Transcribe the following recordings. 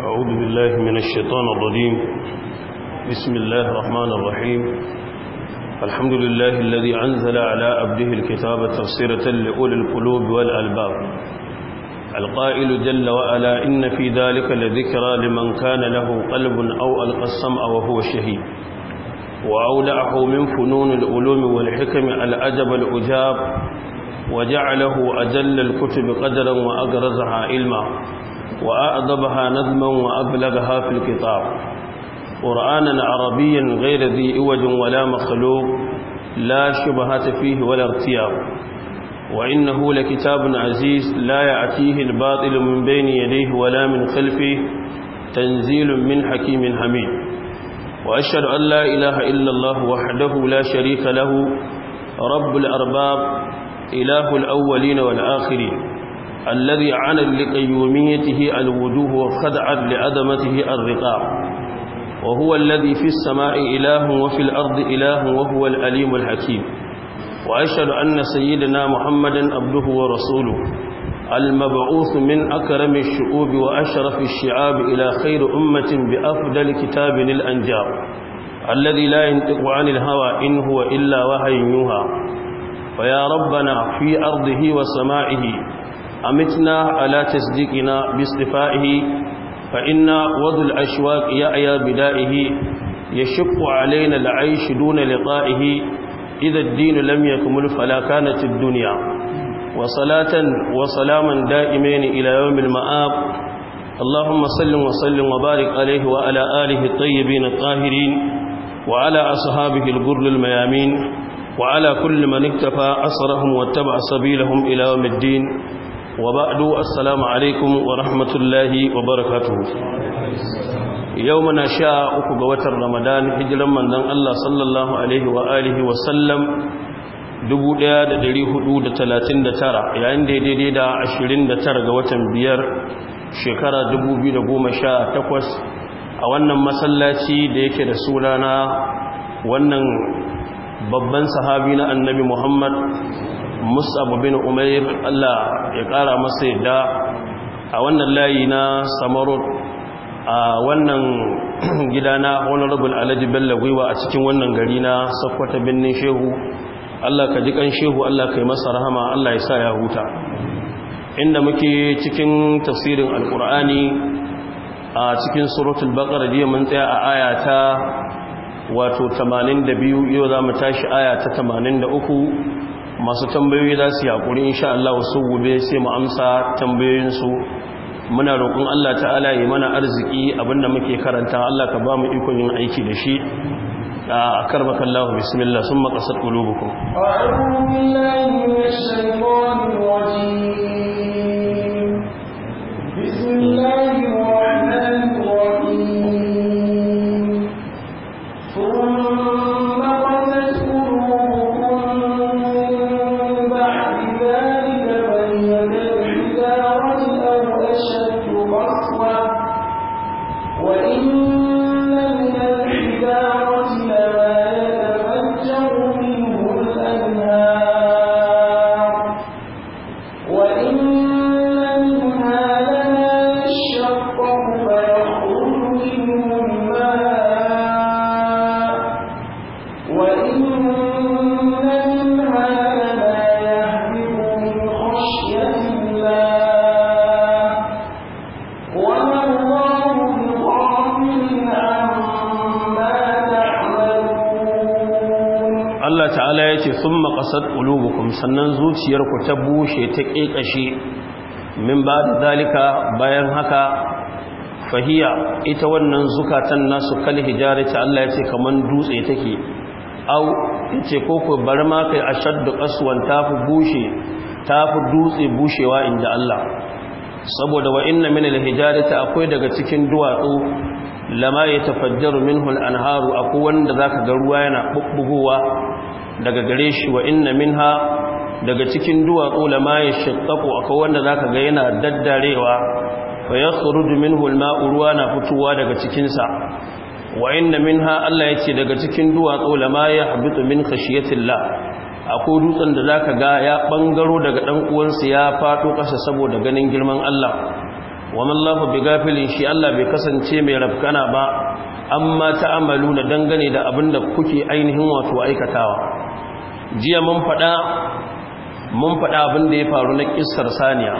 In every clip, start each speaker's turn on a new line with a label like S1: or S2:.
S1: أعوذ بالله من الشيطان الرجيم بسم الله الرحمن الرحيم الحمد لله الذي أنزل على أبده الكتاب تفسيرة لأولي القلوب والألباب القائل جل وعلا إن في ذلك لذكرى لمن كان له قلب أو ألقى السمع وهو شهيد وأولعه من فنون الألوم والحكم الأدب الأجاب وجعله أجل الكتب قدرا وأقرزها علما وأعظمها نظما وأبلغها في الكتاب قرآنا عربيا غير ذي إوج ولا مخلوق لا شبهة فيه ولا ارتياب وإنه لكتاب عزيز لا يأتيه الباطل من بين يديه ولا من خلفه تنزيل من حكيم حميد وأشهد أن لا إله إلا الله وحده لا شريك له رب الأرباب إله الأولين والآخرين الذي عن لقيوميته الوجوه وخدعت لعدمته الرقاع وهو الذي في السماء إله وفي الأرض إله وهو الأليم الحكيم وأشهد أن سيدنا محمدا عبده ورسوله المبعوث من أكرم الشعوب وأشرف الشعاب إلى خير أمة بأفضل كتاب الأنجاب الذي لا ينطق عن الهوى إن هو إلا وهي يوحى فيا ربنا في أرضه وسمائه أمتنا على تصديقنا باصطفائه فإن وضع الأشواق يأيى بدائه يشق علينا العيش دون لقائه إذا الدين لم يكمل فلا كانت الدنيا وصلاة وسلاما دائمين إلى يوم المآب اللهم صل وسلم وبارك عليه وعلى آله الطيبين الطاهرين وعلى أصحابه الغر الميامين وعلى كل من اكتفى أثرهم واتبع سبيلهم إلى يوم الدين وبعد السلام عليكم ورحمة الله وبركاته يومنا شاء أكبوة رمضان هجلا من دن الله صلى الله عليه وآله وسلم dubu ɗaya da ɗari hudu da talatin da tara yayin daidai da ashirin da tara ga watan biyar shekara dubu biyu da goma sha takwas a wannan masallaci da yake da suna na wannan babban sahabi na annabi muhammad musabu bin umair Allah ya kara masa yadda a wannan layi na samarot a wannan gida na honorable alhaji bello gwiwa a cikin wannan gari na sakwata birnin shehu Allah ka ji kan shehu Allah ka yi masa rahama Allah ya sa ya huta inda muke cikin tafsirin alkur'ani a cikin surutul baqara jiya mun tsaya a ayata wato 82 yau za mu tashi aya ta 83 masu tambayoyi za su yaƙuri insha Allah su gube sai mu amsa tambayoyinsu muna roƙon Allah ta'ala yi mana arziki abinda muke karanta Allah ka ba mu ikon yin aiki da shi a karbaka Allah bismillah sun maƙasar ƙulubuku
S2: بسم
S1: sannan zuciyarku ta bushe ta ƙeƙashe min ba da zalika bayan haka fahiya ita wannan zukatan nasu kal hijari ta Allah ya ce kaman dutse take au yace ko ko bar ma kai ashaddu qaswan tafi bushe fi dutse bushewa inda Allah saboda wa inna min al ta akwai daga cikin duwatsu lama yatafajjaru minhu al anharu akwai wanda zaka ga ruwa yana bubbugowa daga gare shi wa inna minha daga cikin duwatsu lama ya shaqqaqu akwai wanda zaka ga yana daddarewa
S2: fa yakhruju minhu al-ma'u ruwa na
S1: fitowa daga cikin sa wa inna minha Allah yace daga cikin duwatsu lama ya habitu min khashiyatillah akwai dutsen da zaka ga ya bangaro daga dan uwansa ya fado ƙasa saboda ganin girman Allah wa man lahu shi Allah bai kasance mai rafkana ba amma na dangane da abinda kuke ainihin wato aikatawa jiya mun faɗa mun faɗa abin da ya faru na ƙisar saniya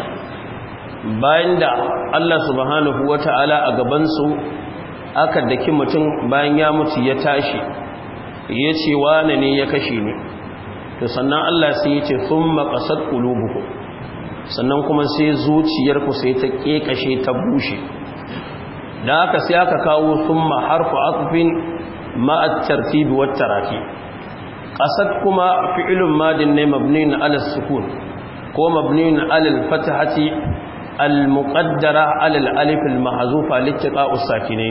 S1: bayan da Allah subhanahu wa ta'ala a gabansu aka daki mutum bayan ya mutu ya tashi ya ce wane ne ya kashe ne to sannan Allah sai ya ce sun makasar sannan kuma sai zuciyarku sai ta ƙeƙashe ta bushe da aka sai aka kawo sun maharku akufin ma'attar tibi wata rafi asad kuma fi'ilun madin ne mabnin alal sukun ko mabnin ala fatahati al-muqaddara alal alifin alif al-mahzufa litqa ne,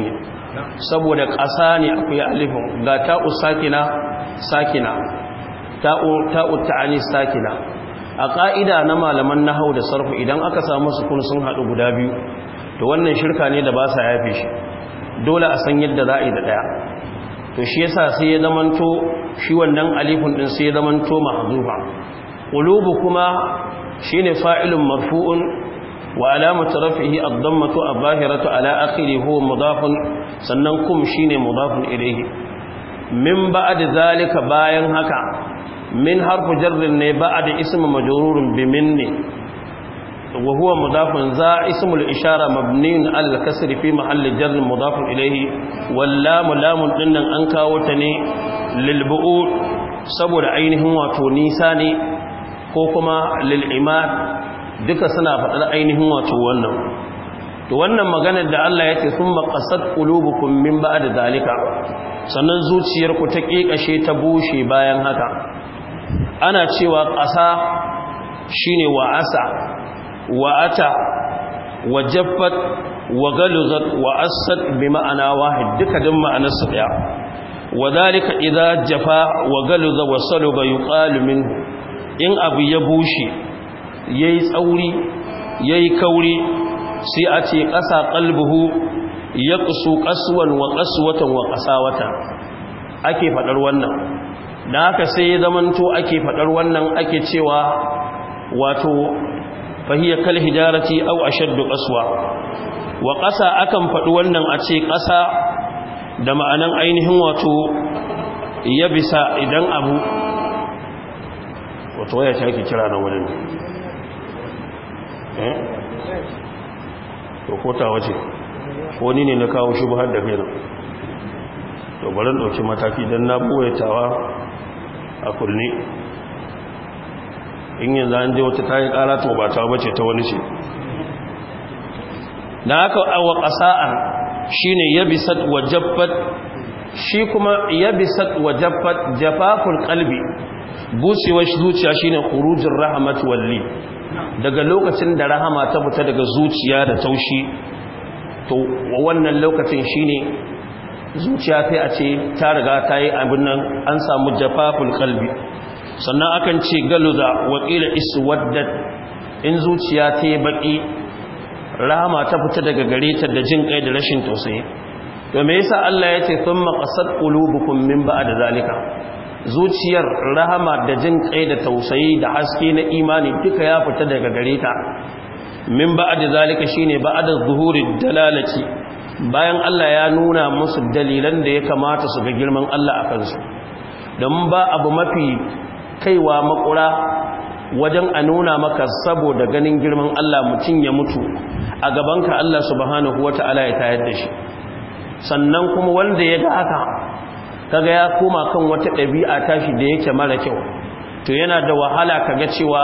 S1: saboda ƙasa ne akwai alifin ga ta sakina sakina ta'u ta'u sakina a ƙa'ida na malaman na hau da sarfu idan aka samu sukun sun haɗu guda biyu to wannan shirka ne da ba sa yafe shi dole a san yadda za a yi da ɗaya to shi yasa sai ya zamanto shi wannan alifun din sai ya zamanto mahzufa qulubu kuma shine fa'ilun marfu'un wa alamatu raf'ihi ad-dammatu bahiratu ala akhirih huwa mudafun sannan kum shine mudafun ilayhi min ba'd zalika bayan haka min harfu jarrin ne ba'd ismu majrurun bi minni وهو مضاف ذا اسم الإشارة مبني على الكسر في محل جر مضاف إليه واللام لام إن أنكا وتني للبؤود سبر عينه وتونيساني كوكما للإماد duka suna faɗar ainihin wato wannan to wannan maganar da Allah ya ce sun qasat qulubukum min ba'd zalika sannan zuciyarku ta ƙeƙashe ta bushe bayan haka ana cewa ƙasa shine wa'asa wa'ata wa jaffat wa galuzat wa assat bi ma'ana wahid duka din ma'anar su daya wadhalika idza jafa wa galuza wa saluba yuqalu in abu ya bushe yayi tsauri yayi kauri sai a ce ƙasa ya kusu qaswan wa qaswatan wa qasawata ake fadar wannan dan haka sai zamanto ake faɗar wannan ake cewa wato fahiya kal au aw ashaddu qaswa wa ƙasa akan faɗi wannan a ce ƙasa da ma'anan ainihin wato ya bisa idan abu wato ya ce ake kira na wurin eh to kota wace ko ni ne na kawo shi buhar da kaina to bari ɗauki mataki don na ɓoye tawa a kurni in yanzu an je wata ta kara to ba ta bace ta wani ce na aka awa qasa'a shi ne wa shi kuma yabisat bisat wa jafaful kalbi bushewar zuciya shi ne kurujin rahamat walli daga lokacin da rahama ta fita daga zuciya da taushi to wannan lokacin shi zuciya sai a ce ta riga ta yi abin nan an samu jafaful kalbi sannan akan ce galuza wakila wadda in zuciya ta yi baki rahama ta fita daga gare ta da jin kai da rashin tausayi to me yasa Allah ya ce thumma qasat qulubukum min ba'da zalika zuciyar rahama da jin kai da tausayi da haske na imani duka ya fita daga gare ta min ba'da zalika shine ba'da zuhuri dalalati bayan Allah ya nuna musu dalilan da ya kamata su ga girman Allah a kansu don ba abu mafi kaiwa makura wajen a nuna maka saboda ganin girman Allah mutum ya mutu a gabanka Allah subhanahu ta'ala ya tayar da shi sannan kuma wanda ya ga haka kaga ya koma kan wata ɗabi'a tashi da yake mara kyau to yana da wahala ka ga cewa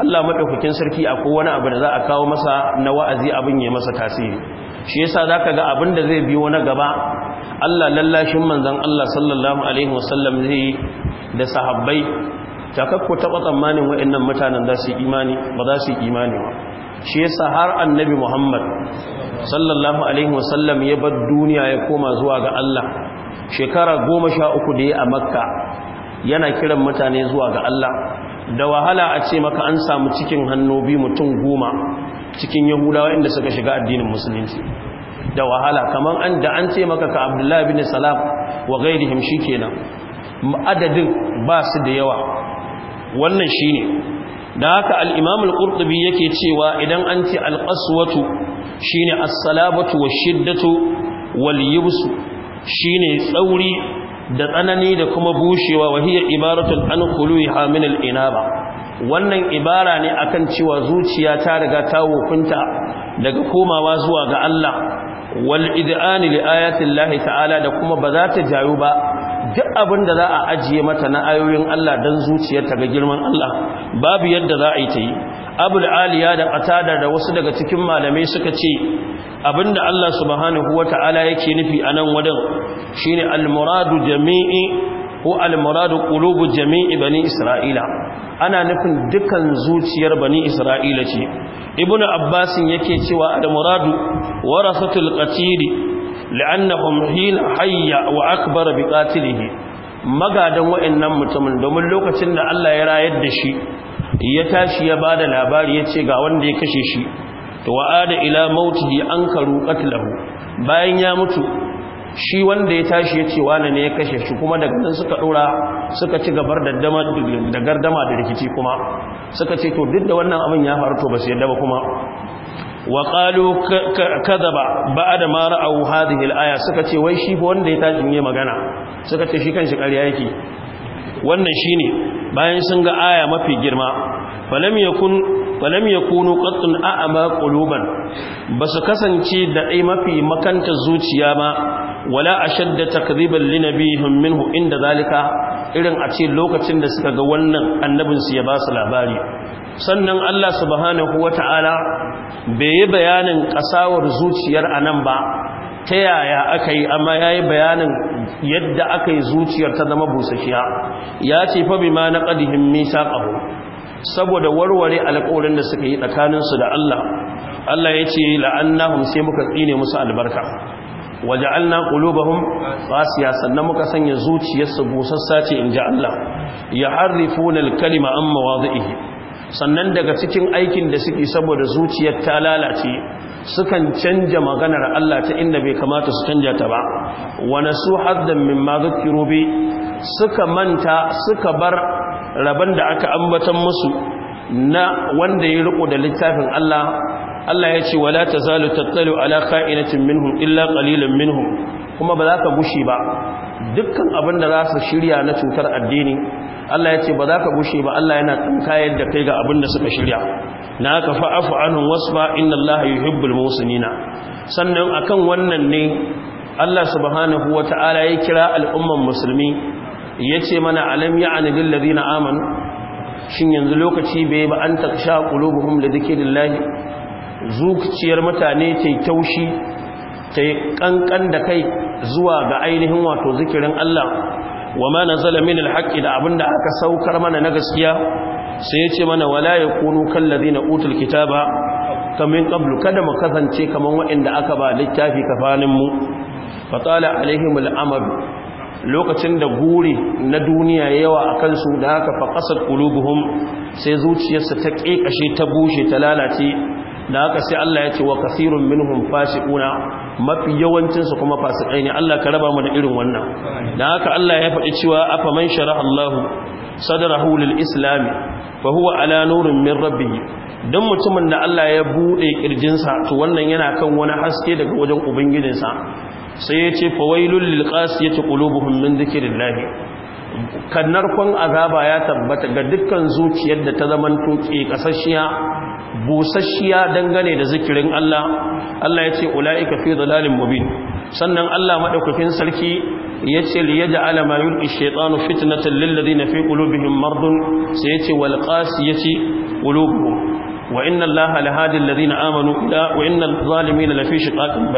S1: Allah madaukakin sarki akwai wani abu da za a kawo masa na wa'azi abin ya masa tasiri shi yasa zaka ga abin da zai biyo na gaba Allah lallashin manzan Allah sallallahu alaihi wasallam zai da sahabbai takakku taɓa tsammanin wayannan mutanen za su imani ba za su imani wa shi yasa har annabi Muhammad sallallahu alaihi wasallam ya bar duniya ya koma zuwa ga Allah shekara goma sha uku da ya a Makka yana kiran mutane zuwa ga Allah da wahala a ce maka an samu cikin hannu bi mutum goma cikin yahudawa inda suka shiga addinin musulunci da wahala kamar an da an ce maka ka abdullahi bin salam wa ghairihim nan, adadin ba su da yawa wannan shi ne, da haka alimamul ƙurɗubi yake cewa idan an ce al-qaswatu ne as wa shiddatu wal shi ne tsauri da tsanani da kuma bushewa wa hiya ibaratun an khuluha min inaba wannan ibara ne akan cewa zuciya ta riga ta wofinta daga komawa zuwa ga Allah wal id'ani li Allah ta'ala da kuma ba za ta jayu ba duk abin da za a ajiye mata na ayoyin Allah dan zuciyarta ga girman Allah babu yadda za a yi ta yi abul aliya da qatada da wasu daga cikin malamai suka ce abinda Allah subhanahu wata'ala yake nufi anan wadan shine almuradu jami'i ko al-muradu qulubu jami'i bani isra'ila ana nufin dukan zuciyar bani isra'ila ce ibnu abbas yake cewa al-muradu warasatul qatili li'annahum hina hayya wa akbar biqatilihi magadan wa'annan mutumin domin lokacin da Allah ya rayar da shi ya tashi ya bada labari ya ce ga wanda ya kashe shi to wa'ada ila mautihi ankaru qatlahu bayan ya mutu shi wanda ya tashi ya ce wane ne ya kashe shi kuma daga nan suka dora suka ci gabar da gardama da rikici kuma suka ce to duk da wannan abin ya faru to ba su yadda ba kuma wa qalu kadaba ba'da ma ra'aw hadhihi al-aya suka ce wai shi wanda ya tashi ne magana suka ce shi kanshi ƙarya yake wannan shine bayan sun ga aya mafi girma falam yakun falam yakunu qattun a'ma quluban basu kasance da dai mafi makanta zuciya ba wala ashadda takdhiban linabihim minhu inda zalika irin a ce lokacin da suka ga wannan annabin su ya ba su labari sannan Allah subhanahu wata'ala bai yi bayanin ƙasawar zuciyar anan ba ta yaya aka yi amma ya yi bayanin yadda aka yi zuciyar ta zama busashiya ya ce fa ma na ƙadihin misa ƙaho saboda warware alƙawarin da suka yi tsakaninsu da Allah Allah ya ce la'annahum sai muka tsine musu albarka waja'alna qulubahum qasiya sannan muka sanya zuciyarsu busassa ce inji Allah ya harrifuna al-kalima an sannan daga cikin aikin da suke saboda zuciyar ta lalace sukan canja maganar Allah ta inda bai kamata su canja ta ba wa nasu haddan mimma zukiru bi suka manta suka bar rabon da aka ambatan musu na wanda ya riko da littafin Allah Allah ya ce wala tazalu tattalu ala kha'inatin minhum illa qalilan minhum kuma ba za ka gushe ba dukkan abin da za su shirya na cutar addini Allah ya ce ba za ka gushe ba Allah yana tsinkayar da kai ga abin da suka shirya na haka fa'afu anhum wasfa inna Allah yuhibbul musinina sannan akan wannan ne Allah subhanahu ta'ala ya kira al'umman musulmi yace mana alam ya'ani lil ladina amanu shin yanzu lokaci bai ba an taksha da li dhikrillah zuciyar mutane tai taushi yi ƙanƙan da kai zuwa ga ainihin wato zikirin Allah wama nazala min alhaqqi da abinda aka saukar mana na gaskiya sai yace mana wala ya kunu kan ladina utul kitaba kamin ƙablu kada mu kasance kamar waɗanda aka ba littafi kafaninmu. mu fatala alaihim al'amr lokacin da guri na duniya yawa a kansu da haka faƙasar ƙulubuhun sai zuciyarsa ta ƙeƙashe ta bushe ta lalace da haka sai Allah ya ce wa kasirun minhum fasiquna mafi yawancinsu kuma Fasiqai ne Allah ka raba mu da irin wannan da haka Allah ya faɗi cewa afa man sharaha Allah sadrahu lil islam fa huwa ala nurin min rabbih dan mutumin da Allah ya bude kirjinsa to wannan yana kan wani haske daga wajen ubangijinsa sai ya ce fawailul lil qasiyati qulubuhum min dhikrillah kannarkon azaba ya tabbata ga dukkan zuciyar da ta zama ke ƙasashiya, busasshiya dangane da zikirin Allah Allah ya ce ula'ika fi dalalin mubin sannan Allah madaukakin sarki ya ce li da ma yulqi shaytanu fitnatan lil na fi qulubihim mardun sai ya ce wal qasiyati qulubuhum wa inna allaha amanu ila wa inna adh-dhalimina lafi shiqaqin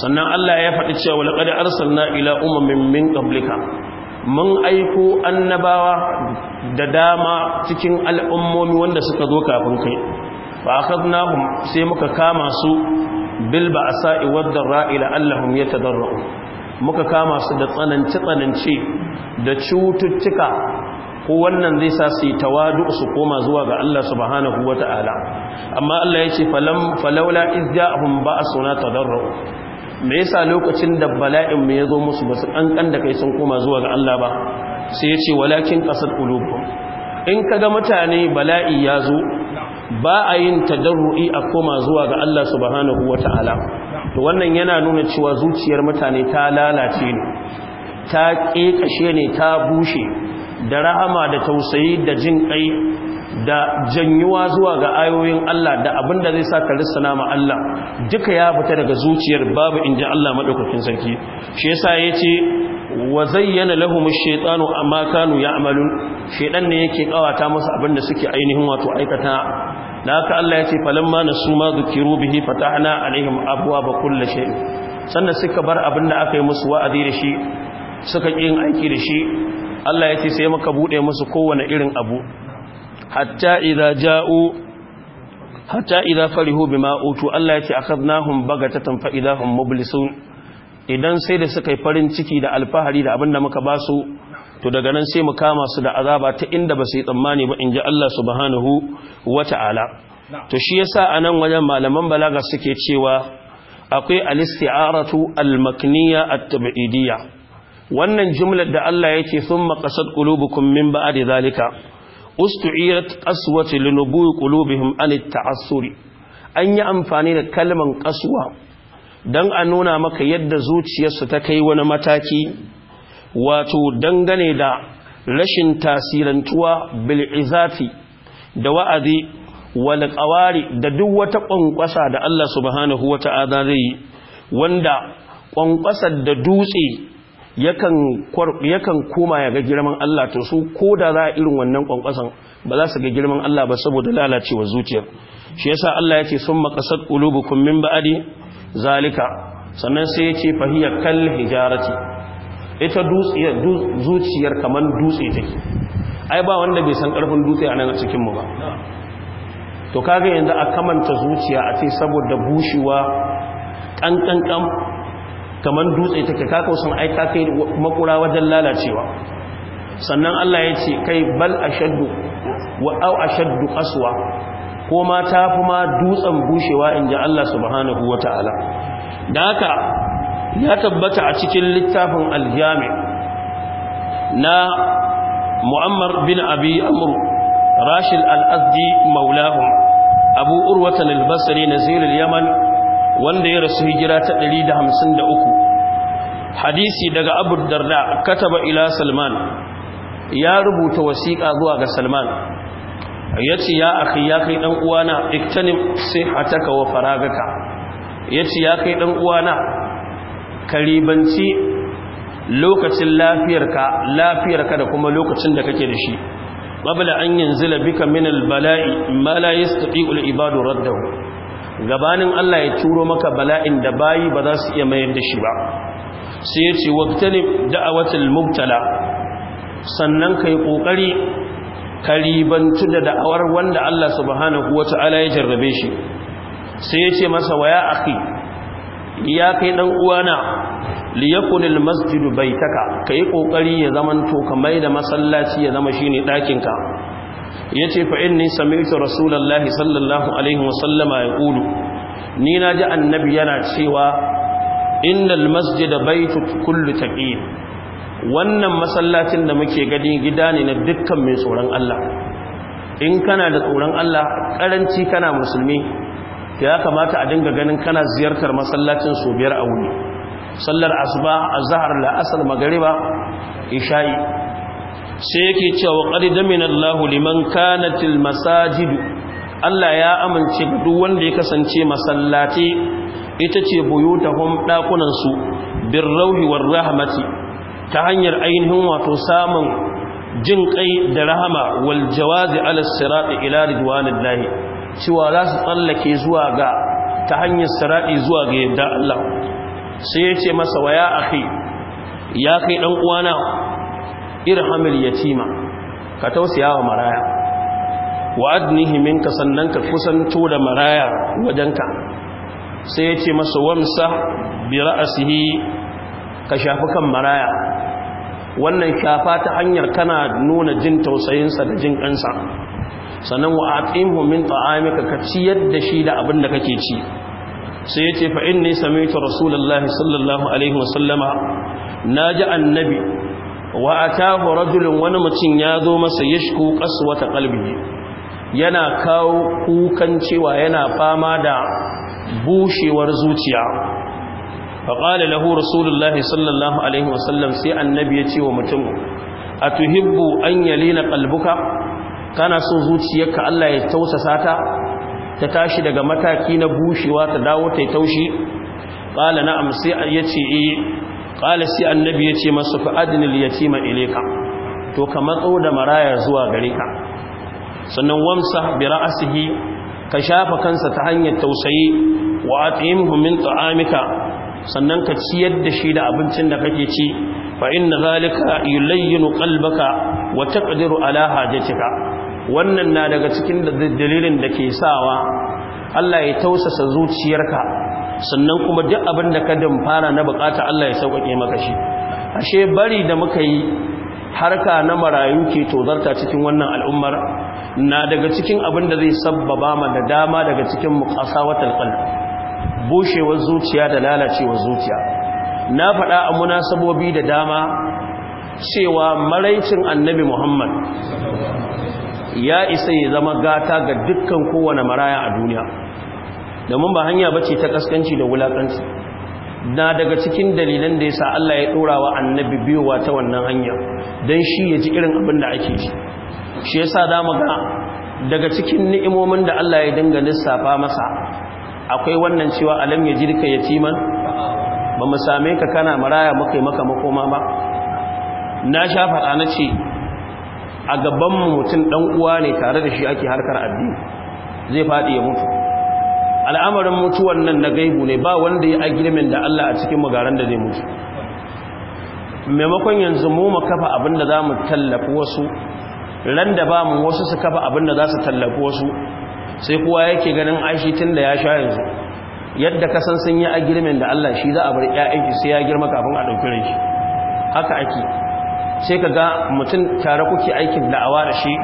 S1: sannan Allah ya faɗi cewa laqad arsalna ila umamin min qablika mun aiko annabawa da dama cikin al'ummomi wanda suka zo kafin kai fa akhadnahum sai muka kama su bil ba'sa'i wad dharra'i la'allahum yatadarra'un muka kama su da tsananci tsananci da cututtuka ko wannan zai sa su yi tawadu su koma zuwa ga Allah subhanahu ta'ala amma Allah ya ce falaula iz ja'ahum ba'suna tadarru me yasa lokacin da bala'in mu zo musu basu kankan da kai sun koma zuwa ga Allah ba sai ya ce walakin ƙasar Ulubu? in ga mutane bala'i zo, ba a yin tadarru'i a koma zuwa ga Allah subhanahu ta'ala. to wannan yana nuna cewa zuciyar mutane ta lalace ne ta ƙeƙashe ne ta bushe da rahama da tausayi da jin kai da janyuwa zuwa ga ayoyin Allah da abin da zai sa ka lissana ma Allah duka ya fita daga zuciyar babu inji Allah madaukakin sarki shi yasa yace wa zayyana lahum ash-shaytanu amma kanu ya'malun shaytan ne yake kawata musu abin da suke ainihin wato aikata da haka Allah yace falamma nasu ma dhukiru bihi fatahna alaihim abwaaba kulli shay sannan suka bar abin da aka yi musu wa'azi da shi suka yin aiki da shi Allah ya ce sai maka buɗe musu kowane irin abu hatta idza ja'u hatta idza farihu bima utu Allah ya ce akhadnahum bagatatan fa idahum mublisun idan sai da suka yi farin ciki da alfahari da abinda muka ba su to daga nan sai mu kama su da azaba ta inda ba su yi tsammani ba in ji Allah subhanahu wata'ala to shi yasa anan wajen malaman balaga suke cewa akwai al-isti'aratu al-makniya at-tab'idiyya wannan jumlar da Allah ya ce sun maƙasar ƙulubukun min ba da zalika ustu'irat ƙaswace linubu ƙulubihim an ta'assuri an yi amfani da kalman ƙaswa don a nuna maka yadda zuciyarsu ta kai wani mataki wato dangane da rashin tasirantuwa bil'izafi da wa'azi wani ƙawari da duk wata ƙwanƙwasa da Allah subhanahu wata'ala zai wanda ƙwanƙwasar da dutse yakan koma ya ga girman Allah to su ko da za a irin wannan kwankwasan ba za su ga girman Allah ba saboda lalacewa zuciyar shi yasa Allah ya sun makasar ƙulubukun min ba'adi zalika sannan sai ya ce fahiyar kal hijarati ita zuciyar kamar dutse take ai ba wanda bai san karfin dutse a nan a cikinmu ba to kaga yanzu a kamanta zuciya a ce saboda bushewa ƙanƙanƙan kamar dutse take ka kawo sun aika kai makura wajen lalacewa sannan Allah ya ce kai bal shaddu wa au shaddu qaswa ko ma ta fi ma dutsen bushewa inji Allah subhanahu wataala da haka ya tabbata a cikin littafin aljami na mu'ammar bin abi amr rashid al-azdi abu urwatan al yaman wanda ya rasu hijira ta 153 hadisi daga abu darda kataba ila salman ya rubuta wasiƙa zuwa ga salman ya ce ya akhi ya kai ɗan uwana iktanim sai hataka wa faragaka ya ce ya kai ɗan uwana Karibanci lokacin lafiyarka lafiyarka da kuma lokacin da kake da shi qabla an zila bika min albala'i ma la yastati'u ibadu raddahu gabanin Allah ya turo maka bala'in da bayi ba za su iya mayar da shi ba sai ya ce waktalib da'awatul mubtala sannan kai kokari ka ribantu da da'awar wanda Allah subhanahu wata'ala ya jarrabe shi sai ya ce masa waya akhi ya kai dan uwana liyakunil masjidu baitaka kai kokari ya to kamar da masallaci ya zama shine dakin ka yace fa inni sami'tu rasulullahi sallallahu alaihi wasallama yaqulu ni naji annabi yana cewa innal masjida baitu kullu taqin wannan masallacin da muke gani gida ne na dukkan mai tsoron Allah in kana da tsoron Allah karanci kana musulmi ya kamata a dinga ganin kana ziyartar masallacin su biyar a wuni sallar asuba azhar la'asar magriba isha'i sai yake cewa qad damina Allahu liman kanatil masajid Allah ya amince duk wanda ya kasance masallaci ita ce buyutahum dakunansu su rauhi war rahmati ta hanyar ainihin wato samun jin kai da rahama wal jawazi ala sirati ila ridwanillahi cewa za su tsallake zuwa ga ta hanyar sirati zuwa ga yadda Allah sai ya ce masa waya akhi ya kai dan uwana irhamil yatima ka tausaya wa maraya wa adnihi minka sannan ka kusanto da maraya wajenka sai ya ce masa wamsa bi ra'asihi ka shafi kan maraya wannan shafa ta hanyar kana nuna jin tausayinsa da jin kansa sannan wa atimhu min ta'amika ka ciyar da shi da abin da kake ci sai ya ce fa inni sami'tu rasulullahi sallallahu alaihi wasallama naji annabi wa atahu rajulun wani mutum ya zo masa yashku qaswata qalbihi yana kawo kukan cewa yana fama da bushewar zuciya faƙala lahu rasulullahi sallallahu alaihi wasallam sai annabi ya ce wa mutum a tuhibbu an yalina kalbuka kana so zuciyarka Allah ya tausasa ta ta tashi daga mataki na bushewa ta dawo ta yi taushi ƙala na'am sai yace eh sai annabi yace ce masu fa'adinil yatima ileka to ka matso da maraya zuwa gare ka sannan wamsa bi ra'asihi ka shafa kansa ta hanyar tausayi wa at'imhum min ta'amika sannan ka ciyar da shi da abincin da kake ci fa inna zalika yulayyinu qalbaka wa taqdiru ala hajatika wannan na daga cikin dalilin da ke sawa Allah ya tausasa zuciyarka sannan kuma duk abin da ka fara na bukata Allah ya sauƙaƙe maka shi ashe bari da muka yi harka na marayu ke tozarta cikin wannan al'ummar na daga cikin abin da zai sabbaba ma da dama daga cikin wata qalb bushewar zuciya da lalacewar zuciya na faɗa a munasabobi da dama cewa maraicin annabi Muhammad ya isa ya zama gata ga dukkan kowane maraya a duniya domin ba hanya ba ce ta kaskanci da wulakanci na daga cikin dalilan da ya sa Allah ya dora wa annabi biyowa ta wannan hanyar, don shi ya ji irin abin da ake shi shi ya sa dama ga daga cikin ni'imomin da Allah ya dinga lissafa masa akwai wannan cewa alam ya ya man ba mu same ka kana maraya muka yi maka makoma ba na sha faɗa na ce a gaban mutum ɗan uwa ne tare da shi ake harkar addini zai faɗi ya mutu al'amarin mutuwan nan na gaibu ne ba wanda ya agirmin da Allah a cikin magaran da zai mutu maimakon yanzu mu mu kafa abin da za mu tallafi wasu ran da ba mu wasu su kafa abin da za su tallafi wasu sai kuwa yake ganin aishi tun da ya sha yanzu yadda kasan sun yi agirmin da Allah shi za a bar ‘ya'yanki sai ya girma kafin a ɗauki shi haka ake sai ka ga mutum tare kuke aikin da'awa da shi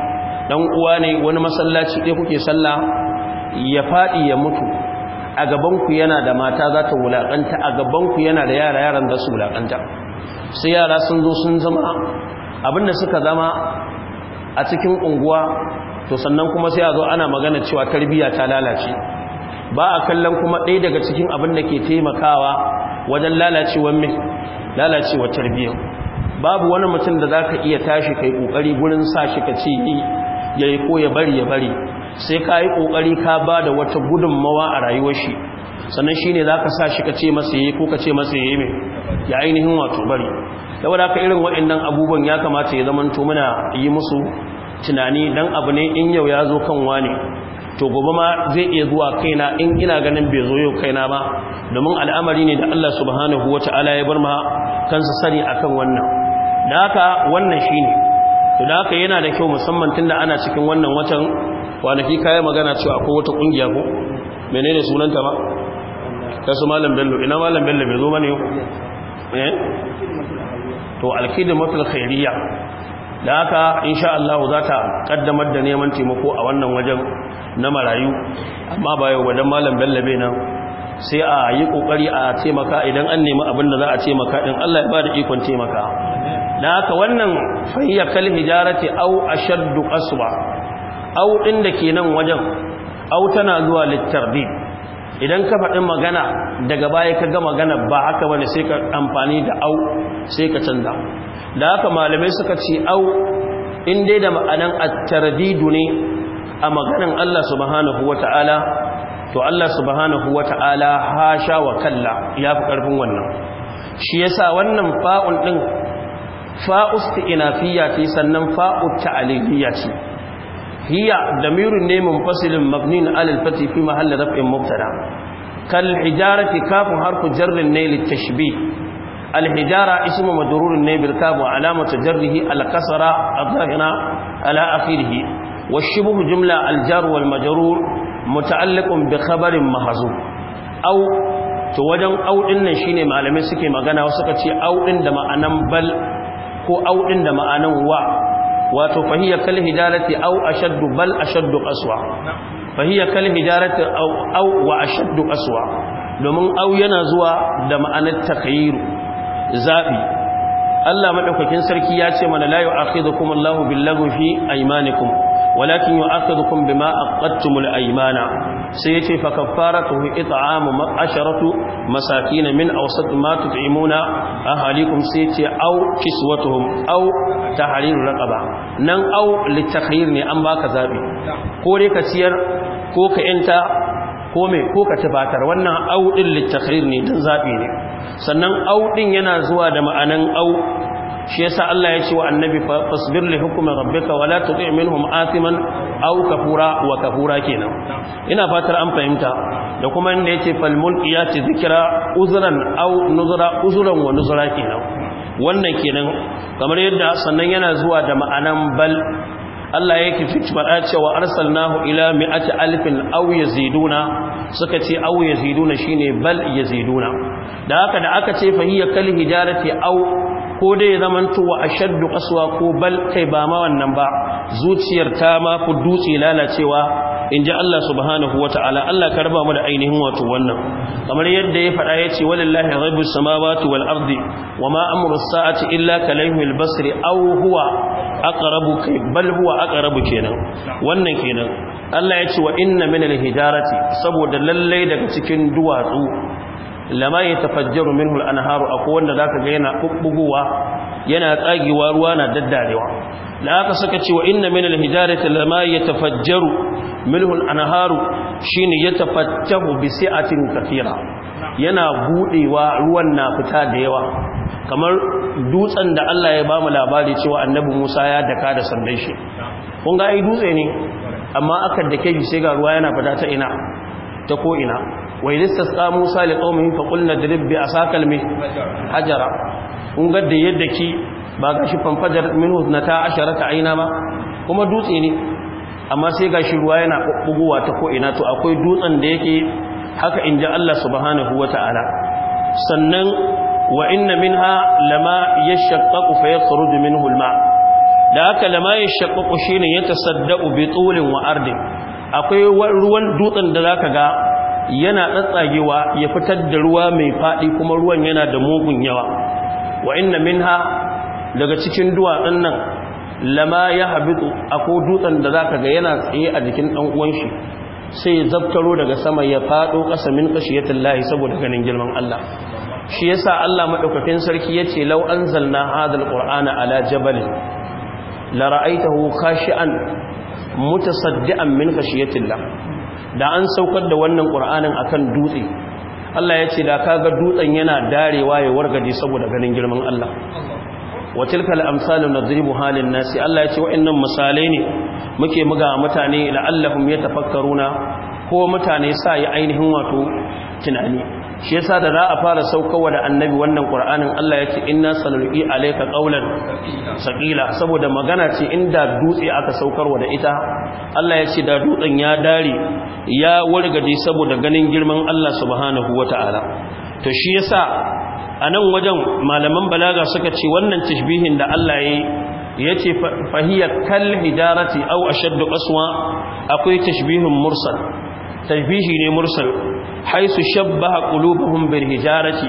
S1: ɗan uwa ne wani masallaci ɗaya kuke sallah ya faɗi ya mutu a gabanku yana da mata za ta wulaƙanta a gabanku yana da yara yaran za su wulaƙanta sai yara sun zo sun zama abinda suka zama a cikin unguwa to sannan kuma sai a zo ana magana cewa tarbiyya ta lalace ba a kallon kuma ɗaya daga cikin abin da ke taimakawa wajen lalacewar mai lalacewar tarbiyyar babu wani mutum da za ka iya tashi kai ƙoƙari wurin sa shi ka ce yi ya yi ko ya bari ya bari sai ka yi ƙoƙari ka ba da wata gudunmawa a rayuwar shi sannan shi ne za ka sa shi ka ce masa yi ko ka ce masa yi mai ya ainihin wato bari da ka irin waɗannan abubuwan ya kamata ya zama to muna yi musu tunani don abu ne in yau ya zo kan ne. to gobe ma zai iya zuwa kaina in ina ganin bai zo yau kaina ba domin al'amari ne da Allah subhanahu wata'ala ya bar ma kansa sani a kan wannan da haka wannan shine to da haka yana da kyau musamman tun da ana cikin wannan watan kwanaki kayan magana cewa akwai wata kungiya ko menene sunanta ma ta su malam bello ina malam bello bai zo bane eh to alkidmatul khairiyya da haka insha Allah za ta kaddamar da neman taimako a wannan wajen na marayu amma ba yau malam bello bai nan sai a yi kokari a taimaka idan an nemi abin da za a taimaka din Allah ya ba da ikon taimaka da haka wannan fayyakal hijarati au ashaddu qaswa au ɗin da ke nan wajen au tana zuwa littafi idan ka faɗi magana daga baya ka ga magana ba haka wani sai ka amfani da au sai ka canza da haka malamai suka ce au in dai da ma'anan at ne a maganan Allah subhanahu ta'ala, to Allah subhanahu ha hasha wa kalla ya fi ƙarfin wannan shi ya sa wannan fa'un ɗin fa'u fiya ce sannan fa'uta ta'aliyya ce hiya damiru neman munfasilin mabnin alal fati fi mahalli raf'in mubtada kal hijarati kafun harfu jarrin ne litashbih al hijara ismu majrurun ne bil kaf wa alamatu jarrihi al kasra adhahira ala akhirih wa shibhu jumla al jar wal majrur muta'alliqun bi khabarin mahzuf to wajen audin nan shine malamai suke magana wasu ka ce audin da ma'anan bal ko audin da ma'anan uwa. wato fahiya kal hijarati aw ashaddu bal ashaddu qaswa fahiya kal hijarati aw aw wa ashaddu qaswa domin aw yana zuwa da ma'anar takhayir zabi Allah madaukakin sarki ya ce mana la yu'akhidhukum Allahu bil lagwi fi aymanikum walakin yu'akhidukum bima aqadtumul aymana sai yace fa kaffaratuhu it'amu 10 masakin min awsat ma tut'imuna ahalikum sai yace aw kiswatuhum aw tahrir raqaba nan aw litakhyir ne an baka zabi ko dai ka ciyar ko ka ko tabbatar wannan audin littakhir ne din zabi ne sannan audin yana zuwa da ma'anan au shi yasa Allah ya ce wa annabi fasbir li hukmi rabbika wala tuti' minhum atiman aw kafura wa kafura kenan ina fatar an fahimta da kuma inda yace fal mulqiyati dhikra uzran aw nuzra uzran wa nuzra kenan wannan kenan kamar yadda sannan yana zuwa da ma'anan bal Allah yake fitfara cewa arsalnahu ila mi'ati alfin aw yaziduna suka ce aw yaziduna shine bal yaziduna da haka da aka ce fa hiya kal hijarati aw ko dai zamanto a shaddu kasuwa ko bal kai ba ma wannan ba zuciyar ta ma ku dutse lalacewa inji Allah subhanahu wata'ala Allah ka raba mu da ainihin wato wannan kamar yadda ya faɗa yace walillahi ghaibus samawati wal ardi wama amru saati illa kalayhil basri aw huwa aqrabu kai bal huwa aqrabu kenan wannan kenan Allah yace wa inna minal hijarati saboda lalle daga cikin duwatsu lama ya tafajjaru minhu al-anharu akwai wanda zaka ga yana bubbugowa yana tsagewa ruwa na daddarewa da aka saka cewa inna min al-hijarati lama ya tafajjaru minhu al-anharu shine ya tafattahu bi cin kafira. yana budewa ruwan na fita da yawa kamar dutsen da Allah ya bamu labari cewa annabi Musa ya daka da sandan shi kun ga ai dutse ne amma aka dake shi sai ga ruwa yana fita ta ina ta ko'ina wai lissasta musa da ƙaumin faƙul na diribbi a sakalmi hajara in gadda yadda ki ba ga shi fanfajar minus na ta ashirar ta aina ba kuma dutse ne amma sai ga shi ruwa yana ɓuɓɓugowa ta ko'ina to akwai dutsen da yake haka in ji allah subhanahu wa ta'ala sannan wa inna ha lama ya shaƙaƙu fa tsaro kharuju hulma da haka lama ya shaƙaƙu shine ya tasadda'u bi tulin wa ardin akwai ruwan dutsen da za ka ga yana tsatsagewa ya fitar da ruwa mai faɗi kuma ruwan yana da mugun yawa wa inna minha daga cikin duwatsun nan lama ya habitu akwai dutsen da za ka ga yana tsaye a jikin ɗan uwan shi sai ya zabtaro daga sama ya faɗo ƙasa min kashiyatin lahi saboda ganin girman Allah shi yasa Allah madaukakin sarki yace law anzalna hadhal qur'ana ala jabalin la ra'aytahu khashi'an mutasaddian min khashiyatillah da an saukar da wannan qur'anin akan dutse Allah ya ce da kaga dutsen yana darewa ya wargaje saboda ganin girman Allah wa tilka al-amsalu nadribu halin nasi Allah ya ce wa'annan misalai ne muke muga mutane la'allahum yatafakkaruna ko mutane sa yi ainihin wato tunani shi yasa da za a fara saukowa da annabi wannan qur'anin Allah yake inna sanulqi alayka qawlan saqila saboda magana ce inda dutse aka saukarwa da ita Allah ya ce da dutsen ya dare ya wargaje saboda ganin girman Allah subhanahu wataala to shi yasa nan wajen malaman balaga suka ce wannan tashbihin da Allah ya yace fahiyar kal hijarati aw ashaddu qaswa akwai tashbihin mursal Tafihi ne mursal haisu shabbaha qulubuhum bil hijarati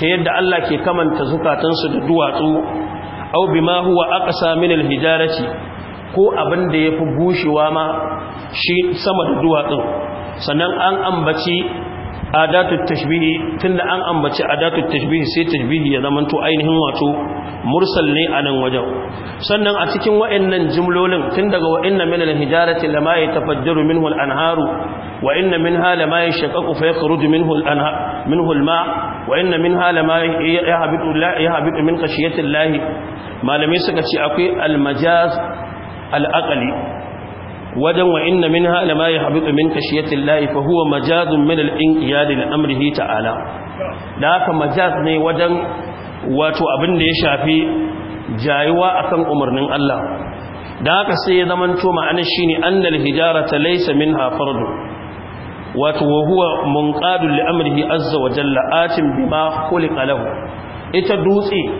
S1: ta yadda Allah ke kamanta zukatansu da duwatsu aw bima huwa aqsa min al hijarati ko abin da yafi bushewa ma shi sama da duwatsu, sannan an ambaci adatu tashbihi tunda an ambaci adatu tashbihi sai tashbihi ya zama to ainihin wato mursal ne a nan wajen sannan a cikin wa'annan jumlolin tun daga wa'anna min al-hijarati lama yatafajjaru minhu al-anharu wa inna minha lama yashaqqaqu fa yakhruju minhu al-anhar minhu al-ma wa inna minha lama yahbitu la yahbitu min khashiyati malamai suka ce akwai al-majaz al-aqli wajen wainna inna minha lama yahbitu min khashyati llahi fa huwa majazun min al amrihi ta'ala da haka majaz ne wajen wato abin da ya shafi jayuwa akan umarnin Allah da haka sai ya zamanto ma'anar shine ta hijarata min minha fardun wato wa huwa munqadul li azza wa jalla atin bima kuli lahu ita dutse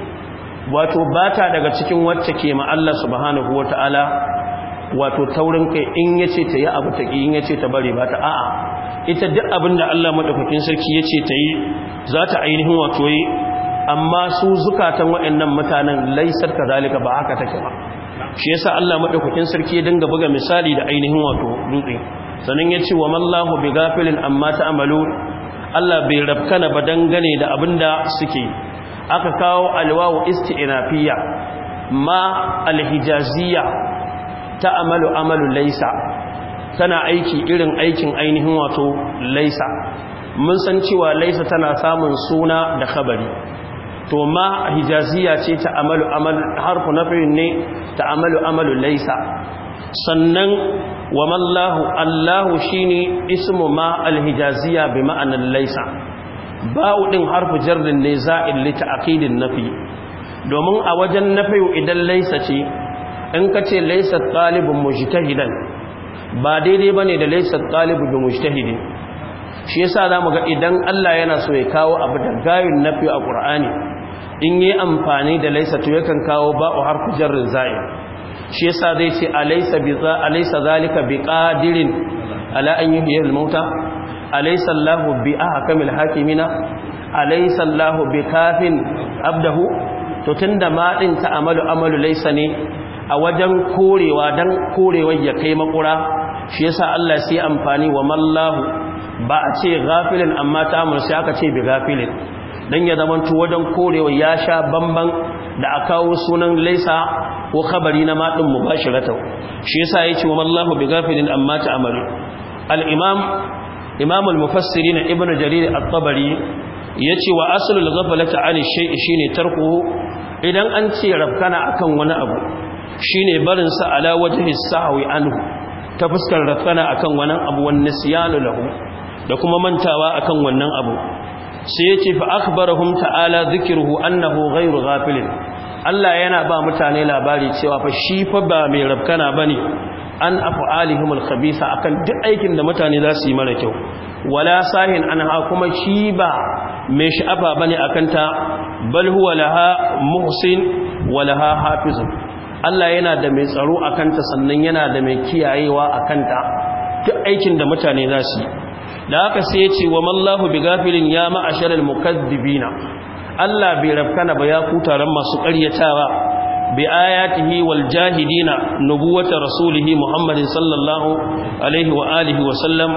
S1: wato bata daga cikin wacce ke ma Allah subhanahu ta'ala wato taurin kai in yace ta yi abu ta in yace ta bari ba ta a'a ita duk abin da Allah madaukakin sarki yace ta yi za ta ainihin wato yi amma su zukatan waɗannan mutanen laisar zalika ba haka take ba shi yasa Allah madaukakin sarki ya dinga buga misali da ainihin wato dutse sanin yace wa mallahu filin amma ta amalu Allah bai rabkana ba dangane da abin da suke aka kawo alwawu isti'nafiyya ma alhijaziyya ta amalu amalu laisa tana aiki irin aikin ainihin wato laisa mun san cewa laisa tana samun suna da khabari to ma hijaziya ce ta amalu amalu harfu nafiyin ne ta amalu amalu laisa sannan wa mallahu allahu shine ismu ma alhijaziya bi ma'anan laisa ba'u din harfu jarrin ne za'il li ta'qidin nafi domin a wajen nafi idan laisa ce in ka ce laisa ɗalibin mujtahidan ba daidai ba ne da laisa ɗalibin mujtahidi shi yasa za mu ga idan Allah yana so ya kawo abu da gayun nafi a Kur'ani in yi amfani da laisa to yakan kawo ba'u harfu jarrin za'in shi yasa zai ce alaysa bi alaysa zalika bi qadirin ala an mota a Laisa Allahu bi ahkamil hakimina Laisa Allahu bi kafin abdahu to tunda ma din ta amalu amalu ne a wajen korewa dan korewar ya kai makura shi yasa Allah sai amfani wa mallahu ba a ce ghafilin amma ta amur sai aka ce bi ghafilin dan ya zamanto wajen korewa ya sha bamban da a kawo sunan laisa ko khabari na madin ba shi yasa yace wa mallahu bi ghafilin amma ta amur al-imam imam al-mufassirin ibnu jarir al tabari yace wa aslul ghaflati an shay'i shine tarku idan an ce rafkana akan wani abu shine barin sa ala wajhi sahwi anhu ta fuskar rafana akan wannan abu wan nisyanu lahu da kuma mantawa akan wannan abu sai yace fa akhbarahum ta'ala zikirhu annahu ghayru ghafilin Allah yana ba mutane labari cewa fa shi fa ba mai rabkana bane an af'alihim al-khabisa akan duk aikin da mutane za su yi mara kyau wala sahin anha kuma shi ba mai sha'afa bane akan ta bal huwa laha muhsin wa laha hafizun Allah yana da mai tsaro a kanta sannan yana da mai kiyayewa a kanta duk aikin da mutane za su da haka sai ya ce wa mallahu bi gafilin ya ma'asharar mukaddibina Allah bai rafkana ba ya ku taron masu ƙaryatawa bi ayatihi wal jahidina nubuwatar rasulihi muhammadin sallallahu alaihi wa alihi wa sallam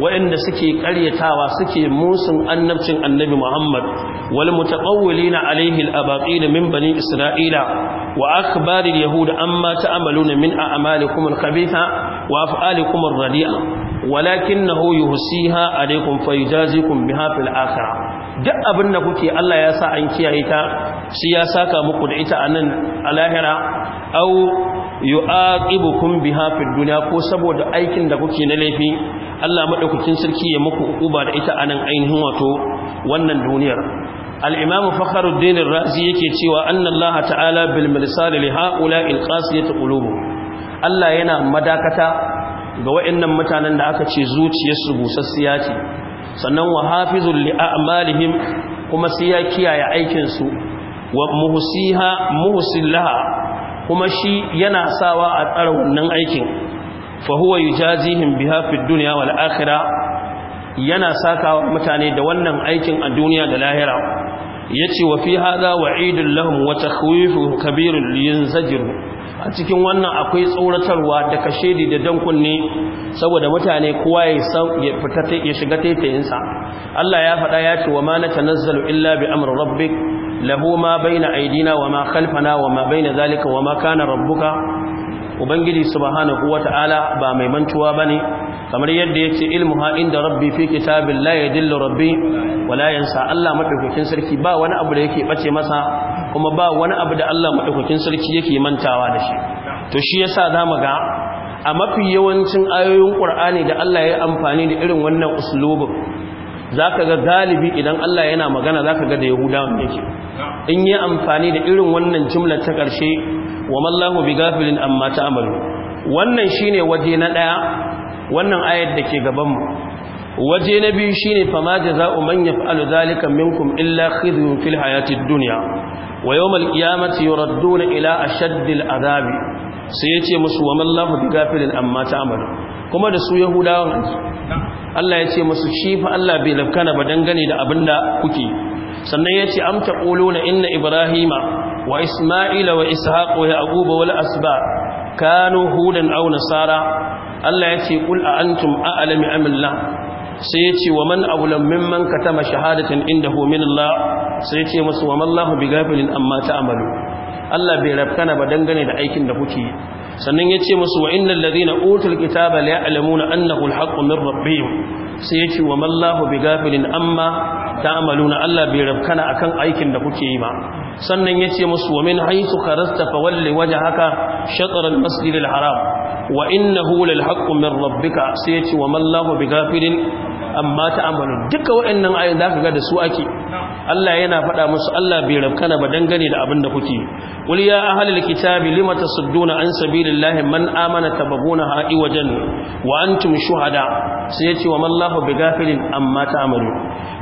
S1: waɗanda suke ƙaryatawa suke musun annabcin annabi muhammad wal mutaqawwilina alaihi al abaqina min bani isra'ila وأخبار اليهود أما تعملون من أعمالكم الخبيثة وأفعالكم الرديئة ولكنه يهسيها عليكم فيجازيكم biha في الآخرة duk abin da kuke Allah ya sa an kiyaye ta shi ya saka muku da ita anan a lahira aw yu'aqibukum biha fid dunya ko saboda aikin da kuke na laifi Allah madaukakin sarki ya muku uba da ita anan ainihin wato wannan duniyar al-imamu fakhruddin razi yake cewa annallaha ta'ala bil mirsal li haula al-qasiyat Allah yana madakata ga wa'innan mutanen da aka ce zuciyarsu busassiya ce sannan wa hafizul li a'malihim kuma sai ya kiyaye aikinsu wa muhsiha kuma shi yana sawa a tsara wannan aikin fa huwa yujazihim biha fid dunya wal akhira yana sakawa mutane da wannan aikin a duniya da lahira ce wa fi hada wa'idul wata wa takhwifu kabirun linzajiru a cikin wannan akwai tsoratarwa da kashedi da kunne. saboda mutane kowa ya shiga taitayinsa Allah ya faɗa ya ce wa ma tanazzalu illa bi amri rabbik lahu ma baina aidina wa ma khalfana wa ma na zalika wa ma kana rabbuka ubangiji subhanahu ta'ala ba mai mantuwa ne? kamar yadda yace ilmu ha inda rabbi fi kitabil la yadillu rabbi wala yansa Allah madaukakin sarki ba wani abu da yake bace masa kuma ba wani abu da Allah madaukakin sarki yake mantawa da shi to shi yasa zamu ga a mafi yawancin ayoyin Qur'ani da Allah ya amfani da irin wannan uslubin zaka ga galibi idan Allah yana magana zaka ga da Yahudawa yake in yi amfani da irin wannan jumla ta ƙarshe wa mallahu gafilin amma ta'malu wannan shine waje na daya wannan ayat da ke gaban mu waje na biyu shine fama jaza'u man yaf'alu zalika minkum illa khizyun fil hayatid dunya wa yawmal qiyamati yuradduna ila ashaddil adabi sai yace musu wa mallahu gafilin amma ta'malu kuma da su yahudawan Allah ya ce musu shi fa Allah bai lafkana ba dangane da abinda kuke sannan yace am na inna ibrahima wa isma'ila wa ishaqa ya yaqub wal asba kanu hudan au nasara Allah yace qul a antum a'lamu am Allah sai ce wa man awlam mimman katama shahadatan indahu min Allah sai ce masu, wa mallahu gafilin amma ta'malu Allah bai rafkana ba dangane da aikin da kuke sannan yace masu, wa innal ladina utul kitaba la alamu annahu al-haqqu min rabbihim sai ya ce wa mallahu bi gafilin amma ta'maluna Allah bai rabkana kan aikin da kuke yi ba sannan ya ce musu wa min haythu kharajta fa waje haka shatr al-masjid al-haram wa inna lil haqq min rabbika sai ya ce wa mallahu bi gafilin amma ta duka waɗannan ayoyin zaka ga da su ake Allah yana faɗa musu Allah bai rafkana ba dangane da abin da kuke qul ya ahlal kitabi lima tasudduna an sabilillahi man amana tabaguna ha'i wajen wa antum shuhada sai yace wa man lahu bighafilin amma ta amalu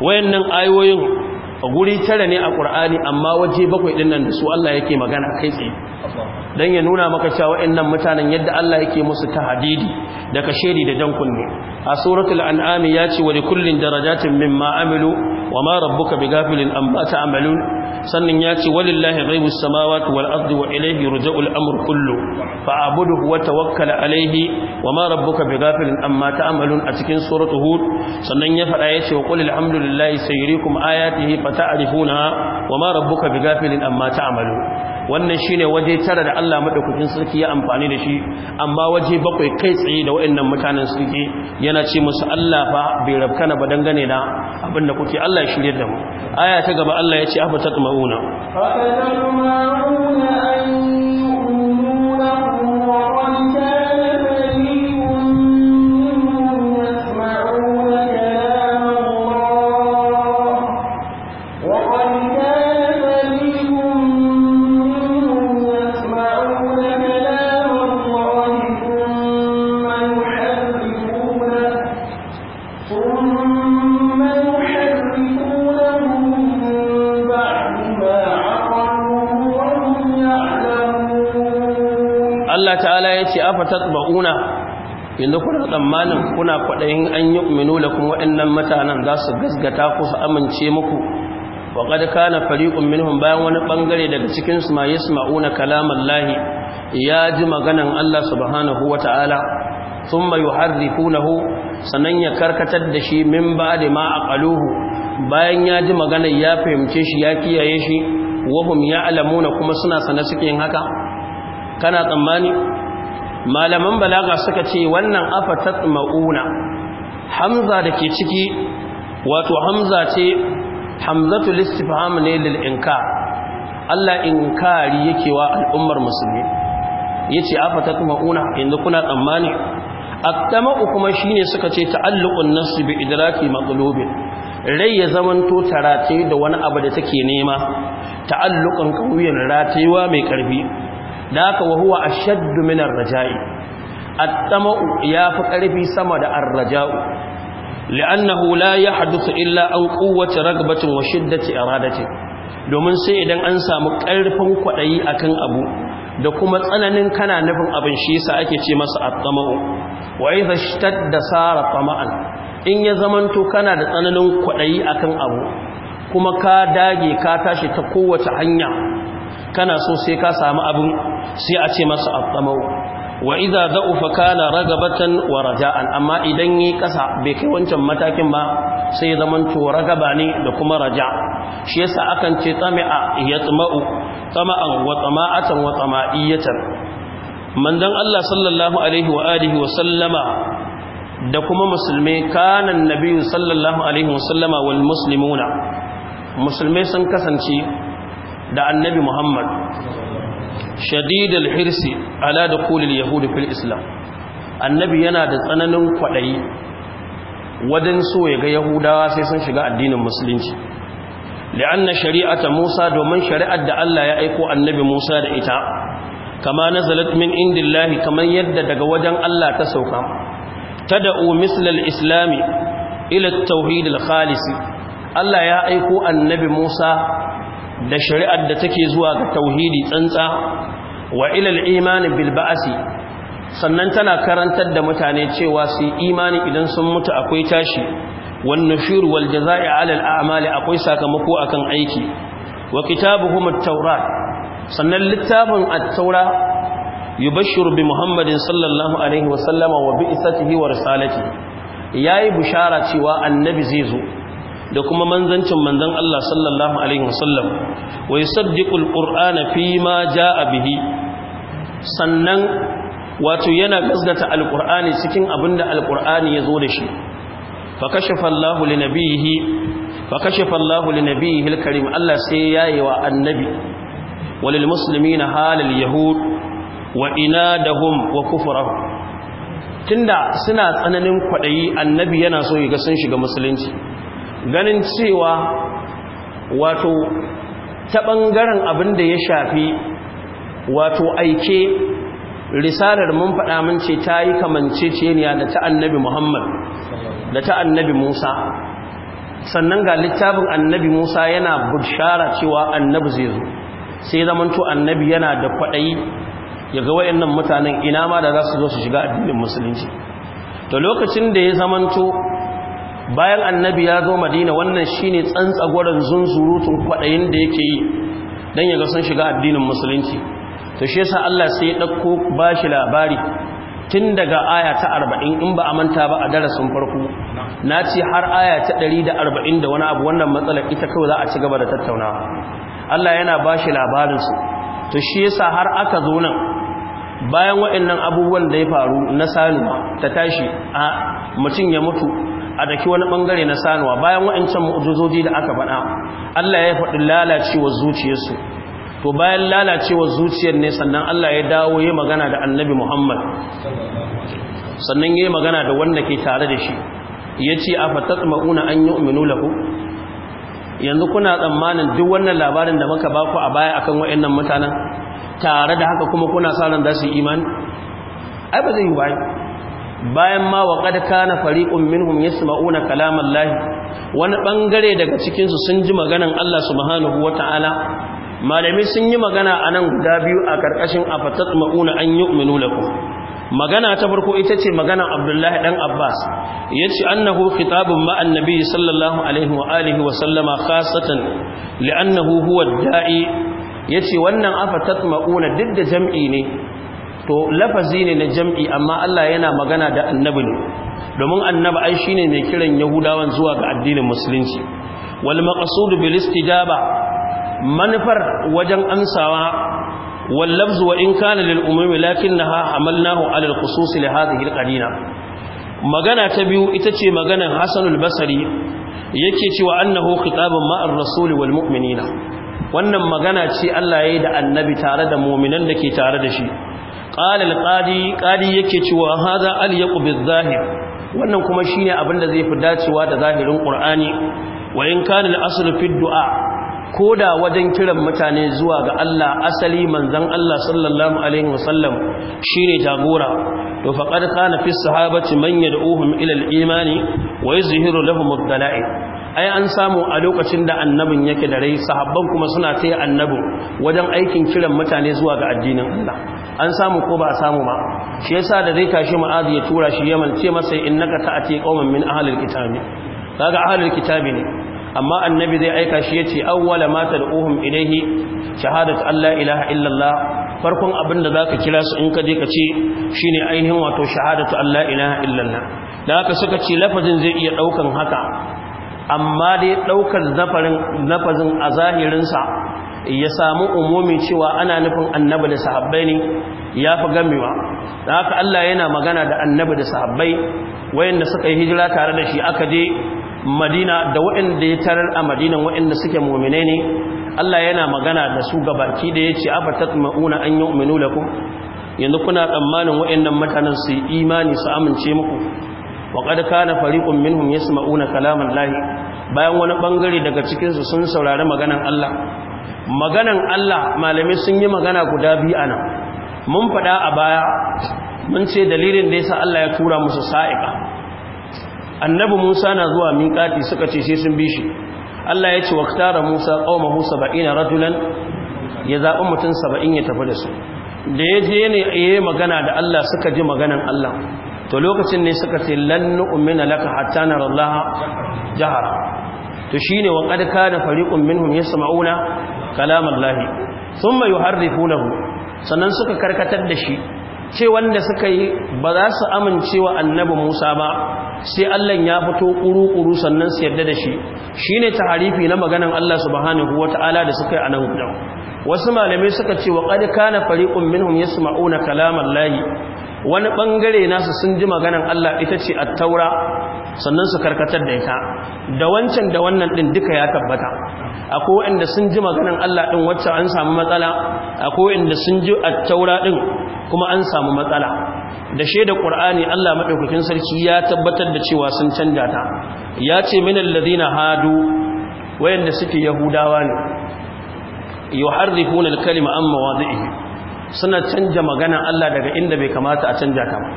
S1: wayannan ayoyin guri tare ne a ƙur'ani amma waje bakwai ɗin nan da su Allah yake magana kai tsaye don ya nuna maka cewa nan mutanen yadda Allah yake musu ta hadidi da kashedi da dankun kunne. a suratul an'ami ya ce wa kullin darajatin mimma amilu wa ma rabbuka bighafilin amma ta'malun sannan ya ce walillahi ghaibus samawati wal ardi wa ilayhi ruja'ul amru kullu fa'budhu wa tawakkal alayhi wa ma rabbuka bighafilin amma ta'malun a cikin suratu hud sannan ya fada yace wa qul alhamdulillahi sayuriikum ayatihi fata'rifuna wa ma rabbuka bighafilin amma ta'malun wannan shi ne waje tara da Allah madaukakin sarki ya amfani da shi amma waje bakwai kai tsaye da wayannan mutanen sarki yana ce musu Allah fa bai rabkana ba dangane da abin da kuke Allah ya shiryar da mu aya ta gaba Allah ya ce afa ta fa tatma'una yanzu kuna tsammanin kuna kwaɗayin an yi da kuma waɗannan mutanen za su gasgata ku su amince muku wa qad kana fari minhum bayan wani ɓangare daga cikin su ma kalamar lahi ya ji maganan Allah subhanahu wa ta'ala sun wata'ala kuna yuharrifunahu sannan ya karkatar da shi min ba da ma a ƙaluhu bayan ya ji maganar ya fahimce shi ya kiyaye shi wahum alamuna kuma suna sana suke haka kana tsammani malaman balaga suka ce wannan afatat mauna hamza da ke ciki wato hamza ce hamzatul istifham ne lil inkar Allah inkari yake wa al'ummar musulmi yace afatat mauna inda kuna tsammani at-tama'u kuma shine suka ce ta'alluqun nafs bi idraki maqlubin rai ya zamanto tarate da wani abu da take nema ta'alluqan kauyen ratewa mai karfi da haka wa huwa ashaddu min ar-raja'i at-tama'u fi karfi sama da ar-raja'u li'annahu la yahduthu illa an quwwati ragbatin wa shiddati iradati domin sai idan an samu karfin kwadayi akan abu da kuma tsananin kana nufin abin shi yasa ake ce masa at-tama'u wa idha ishtadda sara tama'an in ya zamanto kana da tsananin kwadayi akan abu kuma ka dage ka tashi ta kowace hanya kana so sai ka samu abin sai a ce masa attamau wa idza da'ufa kana ragabatan wa raja'an amma idan yi kasa bai kai wancan matakin ba sai ya zama to ragaba ne da kuma raja shi yasa akan ce tami'a yatma'u tama'an wa tama'atan wa tama'iyatan manzon Allah sallallahu alaihi wa alihi wa sallama da kuma musulmai kanan nabiyyu sallallahu alaihi wa sallama wal muslimuna musulmai sun kasance da annabi muhammad shadidul hirsi ala da kulil yahudu fil islam annabi yana da tsananin kwaɗayi wajen so ya ga yahudawa sai sun shiga addinin musulunci li'anna shari'ata musa domin shari'ar da allah ya aiko annabi musa da ita kama nazalat min indillahi kamar yadda daga wajen allah ta sauka tada'u mislal islami ila tauhidil khalis allah ya aiko annabi musa da shari'ar da take zuwa ga tauhidi tsantsa wa ilal imani bil ba'asi sannan tana karantar da mutane cewa su imani idan sun mutu akwai tashi wan nushur wal jazaa'i 'ala al a'mali akwai sakamako akan aiki wa kitabuhum at-taurat sannan littafin at-taura yubashshiru bi muhammadin sallallahu alaihi wa sallama wa bi'satihi wa risalatihi yayi bushara cewa annabi zai zo da kuma manzancin manzan Allah sallallahu alaihi wasallam wa yusaddiqu alqur'ana fi ma a bihi sannan wato yana gaskata Alƙur'ani cikin abinda ya yazo da shi fa kashafa Allahu li fa li Allah sai yayi wa annabi walil na halal yahud wa hum wa kufrahum tunda suna tsananin kwaɗayi annabi yana so ya ga sun shiga musulunci ganin cewa wato ta ɓangaren abin da ya shafi wato aike risalar mun faɗa mun ce ta yi kamanceceniya da ta annabi muhammad da ta annabi musa sannan ga littafin annabi musa yana bushara cewa annabi zai zo sai zamanto annabi yana da kwaɗayi ya ga wayannan mutanen ina ma da za su zo su shiga addinin musulunci da lokacin da ya zamanto bayan annabi ya zo madina wannan shine zun zunzurutun kwaɗayin da yake yi don yaga sun shiga addinin musulunci to shi sa Allah sai ya ɗauko ba shi labari tun daga aya ta arba'in in ba a manta ba a darasin farko na ce har aya ta ɗari da arba'in da wani abu wannan matsalar ita kawai za a ci gaba da tattaunawa Allah yana ba shi labarinsu to shi yasa har aka zo nan bayan waɗannan abubuwan da ya faru na sanuwa ta tashi a mutum ya mutu a daki wani bangare na sanuwa bayan wa'ancan mu'ujizoji da aka faɗa Allah ya faɗi lalacewa zuciyarsu to bayan lalacewa zuciyar ne sannan Allah ya dawo ya magana da annabi Muhammad sannan ya magana da wanda ke tare da shi ya ce a fatatma'una an yi umarnu lafu yanzu kuna tsammanin duk wannan labarin da muka baku a baya akan wa'annan mutanen tare da haka kuma kuna sa ran za su imani ai ba zai yi ba bayan ma wa qad kana fariqun minhum yasma'una kalamallahi wani ɓangare daga cikinsu sun ji maganan Allah subhanahu wataala malami sun yi magana a nan guda biyu a karkashin ma'una an yu'minu lakum magana ta farko ita ce magana abdullahi ɗan abbas ya ce annahu kitabun ma'an sallallahu alaihi wa alihi wa sallama khasatan li'annahu huwa da'i ya ce wannan afatat ma'una duk da jam'i ne to lafazi ne na jam'i amma Allah yana magana da annabi ne domin annabi ai shine mai kiran yahudawan zuwa ga addinin musulunci wal maqsud bil istijaba manufar wajen amsawa wal lafz wa in kana lil umumi lakinnaha hamalnahu ala al khusus li hadhihi al magana ta biyu ita ce maganar Hassanul Basari, yake cewa annahu khitabun ma'ar rasul wal mu'minina wannan magana ce Allah yayi da annabi tare da mu'minan da ke tare da shi qala al-qadi qadi yake cewa hadha al-yaqu bil-zahir wannan kuma shine abin da zai fi dacewa da zahirin qur'ani wa in kana al-asl fi du'a koda wajen kiran mutane zuwa ga Allah asali manzon Allah sallallahu alaihi wasallam shine jagora to faqad kana fi sahabati man yad'uhum ila al-imani wa yuzhiru lahum ad ai an samu a lokacin da annabin yake da rai sahabban kuma suna yi annabin wajen aikin kiran mutane zuwa ga addinin Allah an samu ko ba a samu ba shi yasa da zai tashi ma'azi ya tura shi Yaman ce masa innaka ta'ati qauman min ahlil kitabi kaga ahlil kitabi ne amma annabi zai aika shi yace awwala ma tad'uhum ilayhi shahadat alla ilaha illa Allah farkon abin da zaka kira su in ka je ka ce shine ainihin wato shahadatu alla ilaha illa Allah haka suka ce lafazin zai iya daukan haka amma dai ɗaukar lafazin a zahirinsa ya samu umumin cewa ana nufin annabi da sahabbai ne ya fi gamewa da haka Allah yana magana da annabi da sahabbai wayanda suka yi hijira tare da shi aka je madina da wayanda ya tarar a madinan wayanda suke mu'mine ne Allah yana magana da su gabaki da ya ce yace ma'una an yu'minu lakum yanzu kuna tsammanin wayannan mutanen su imani su amince muku fariƙun Minhum ya منهم yasma'una kalaman lahi, bayan wani bangare daga cikin su sun saurari maganan Allah maganan Allah malamai sun yi magana guda biyu anan mun faɗa a baya mun ce dalilin da yasa Allah ya tura musu sa'iqa annabi Musa na zuwa min kati suka ce sai sun bi shi Allah ya ce waqtara Musa qaumahu 70 rajulan ya zaɓi mutum 70 ya tafi da su da ya je ne yayi magana da Allah suka ji maganan Allah to lokacin ne suka ce lan nu'mina laka hatta nara Allah jahara to shine wa qad kana fariqun minhum yasma'una kalam thumma yuharrifunahu sannan suka karkatar da shi ce wanda suka yi ba za su amincewa annabi Musa ba sai Allah ya fito kuru-kuru sannan su yarda da shi shine taharifi na maganan Allah subhanahu wataala da suka yi anan wasu malamai suka ce wa qad kana fariqun minhum yasma'una kalam wani bangare nasu sun ji maganan Allah ita ce a taura sannan su karkatar da ita da wancan da wannan din duka ya tabbata akwai wanda sun ji maganan Allah din wacce an samu matsala akwai wanda sun ji a taura din kuma an samu matsala da shaidar Qur'ani Allah madaukakin sarki ya tabbatar da cewa sun canja ta ya ce minal ladina hadu wayanda suke yahudawa ne yuharrifuna al-kalima an mawadhihi suna canja maganan Allah daga inda bai kamata a canja kama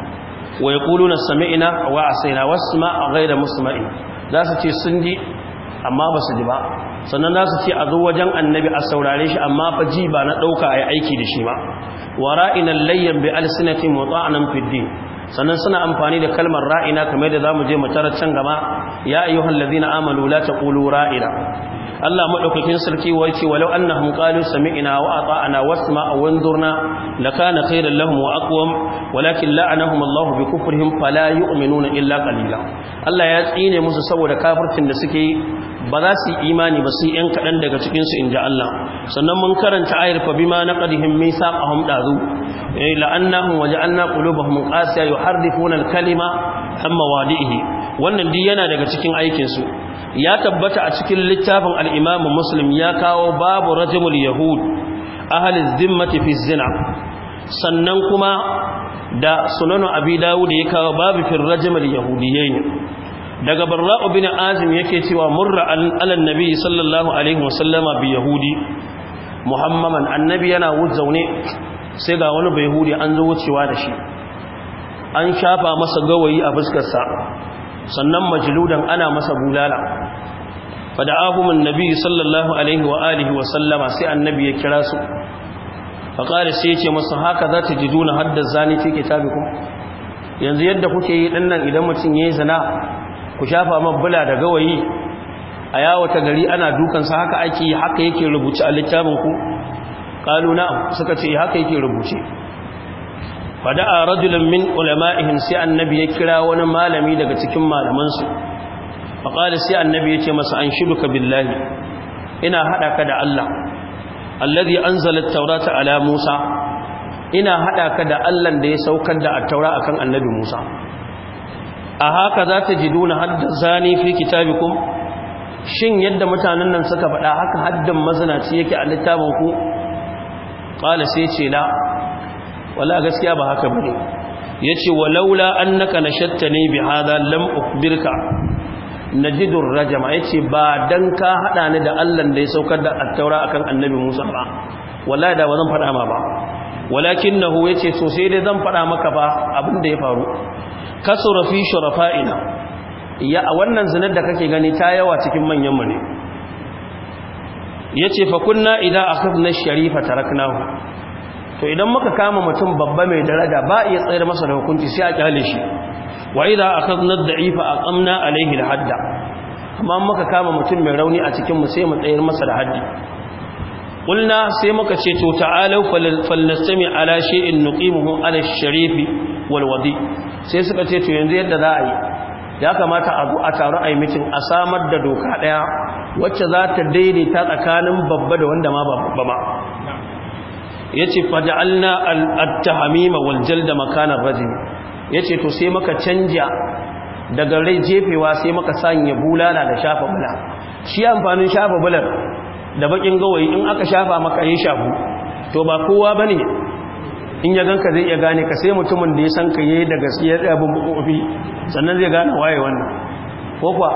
S1: wa na sami'ina wa asayna wasma ghayra musma'in za su ce sun ji amma ba su ji ba sannan za su ce a zo wajen annabi a saurare shi amma fa ji ba na ɗauka a yi aiki da shi ba wara'ina layyan bi alsinatin wa a nan fiddi? sannan suna amfani da kalmar ra'ina kamar da zamu je mu tarar can gaba ya ayyuhal ladina kulu la ra'ina Allah madaukakin sarki wace walau annahum qalu sami'na wa ata'na wasma wanzurna lakana khairan lahum wa aqwam walakin la'anahum Allah bi kufrihim fala yu'minuna illa qalila Allah ya tsine musu saboda kafircin da suke ba za su imani ba su yan kadan daga cikin su inja Allah sannan mun karanta ayar fa bima naqadihim misaqahum dazu eh, la'annahum waja'alna qulubahum qasiya yuharrifuna al-kalima amma wadihi wannan duk yana daga cikin aikin su ya tabbata a cikin littafin al'imamin muslim ya kawo babu rajimul yahud ahalin zimmati fi zina sannan kuma da sunanu abi dawuda ya kawo babu fi rajimul ne daga barra'u bin azim yake cewa murra alan nabi sallallahu alaihi wasallama bi yahudi muhammaman annabi yana zaune sai ga wani bai hudi an zo wucewa da shi an shafa masa gawayi a fuskarsa sannan majludan ana masa bulala sai Annabi ya kira su. وآله sai سي النبي يكراسو فقال سيتي مصر ji duna حد الزاني في كتابكم yanzu yadda kuke yi dinnan idan mutum ya yi zina ku shafa mabbula da gawayi a yawata gari ana dukan sa haka ake haka yake rubuce a littafin ku suka ce haka yake rubuce a rajulun min ulama'ihim sai annabi ya kira wani malami daga cikin malamansu. faƙali sai annabi ya ce masa an shiduka billahi ina haɗa ka da Allah allazi taura ta ala musa ina haɗa ka da Allah da ya saukar da attaura akan annabi musa a haka za ta ji duna hadda zani fi kitabikum shin yadda mutanen nan suka faɗa haka haddan mazinaci yake a littafin ku sai ce wala gaskiya ba haka bane yace walaula annaka ne bi hadha lam ukhbirka najidur rajama ce ba dan ka hada ni da Allah da ya saukar da attaura akan annabi Musa ba wallahi da bazan fada ma ba walakinahu yace so sai dai zan faɗa maka ba abinda ya faru kasura fi shurafa'ina ya wannan zinar da kake gani ta yawa cikin manyan mu ne ce fa kunna idza akhadna sharifa taraknahu to idan muka kama mutum babba mai daraja ba iya tsayar masa da hukunci sai a kyale shi wa idza akhadna ad-da'ifa aqamna alayhi al-hadda amma muka kama mutum mai rauni a cikin mu sai mu tsayar masa da haddi qulna sai muka ce to ta'alu falnastami ala shay'in nuqimuhu ala ash-sharifi wal wadi sai suka ce to yanzu yadda za a yi ya kamata a zo a taru a yi mitin a samar da doka daya wacce za ta daidaita tsakanin babba da wanda ma babba ba yace faja'alna at-tahmima wal jalda makana rajul yace to sai maka canja daga rai jefewa sai maka sanya bulala da shafa bula shi amfanin shafa bular da bakin gawayi in aka shafa maka yi shafu to ba kowa ba ne in ya ganka zai iya gane ka sai mutumin da ya san ka siyar da abin kofi sannan zai gane waye wannan ko kwa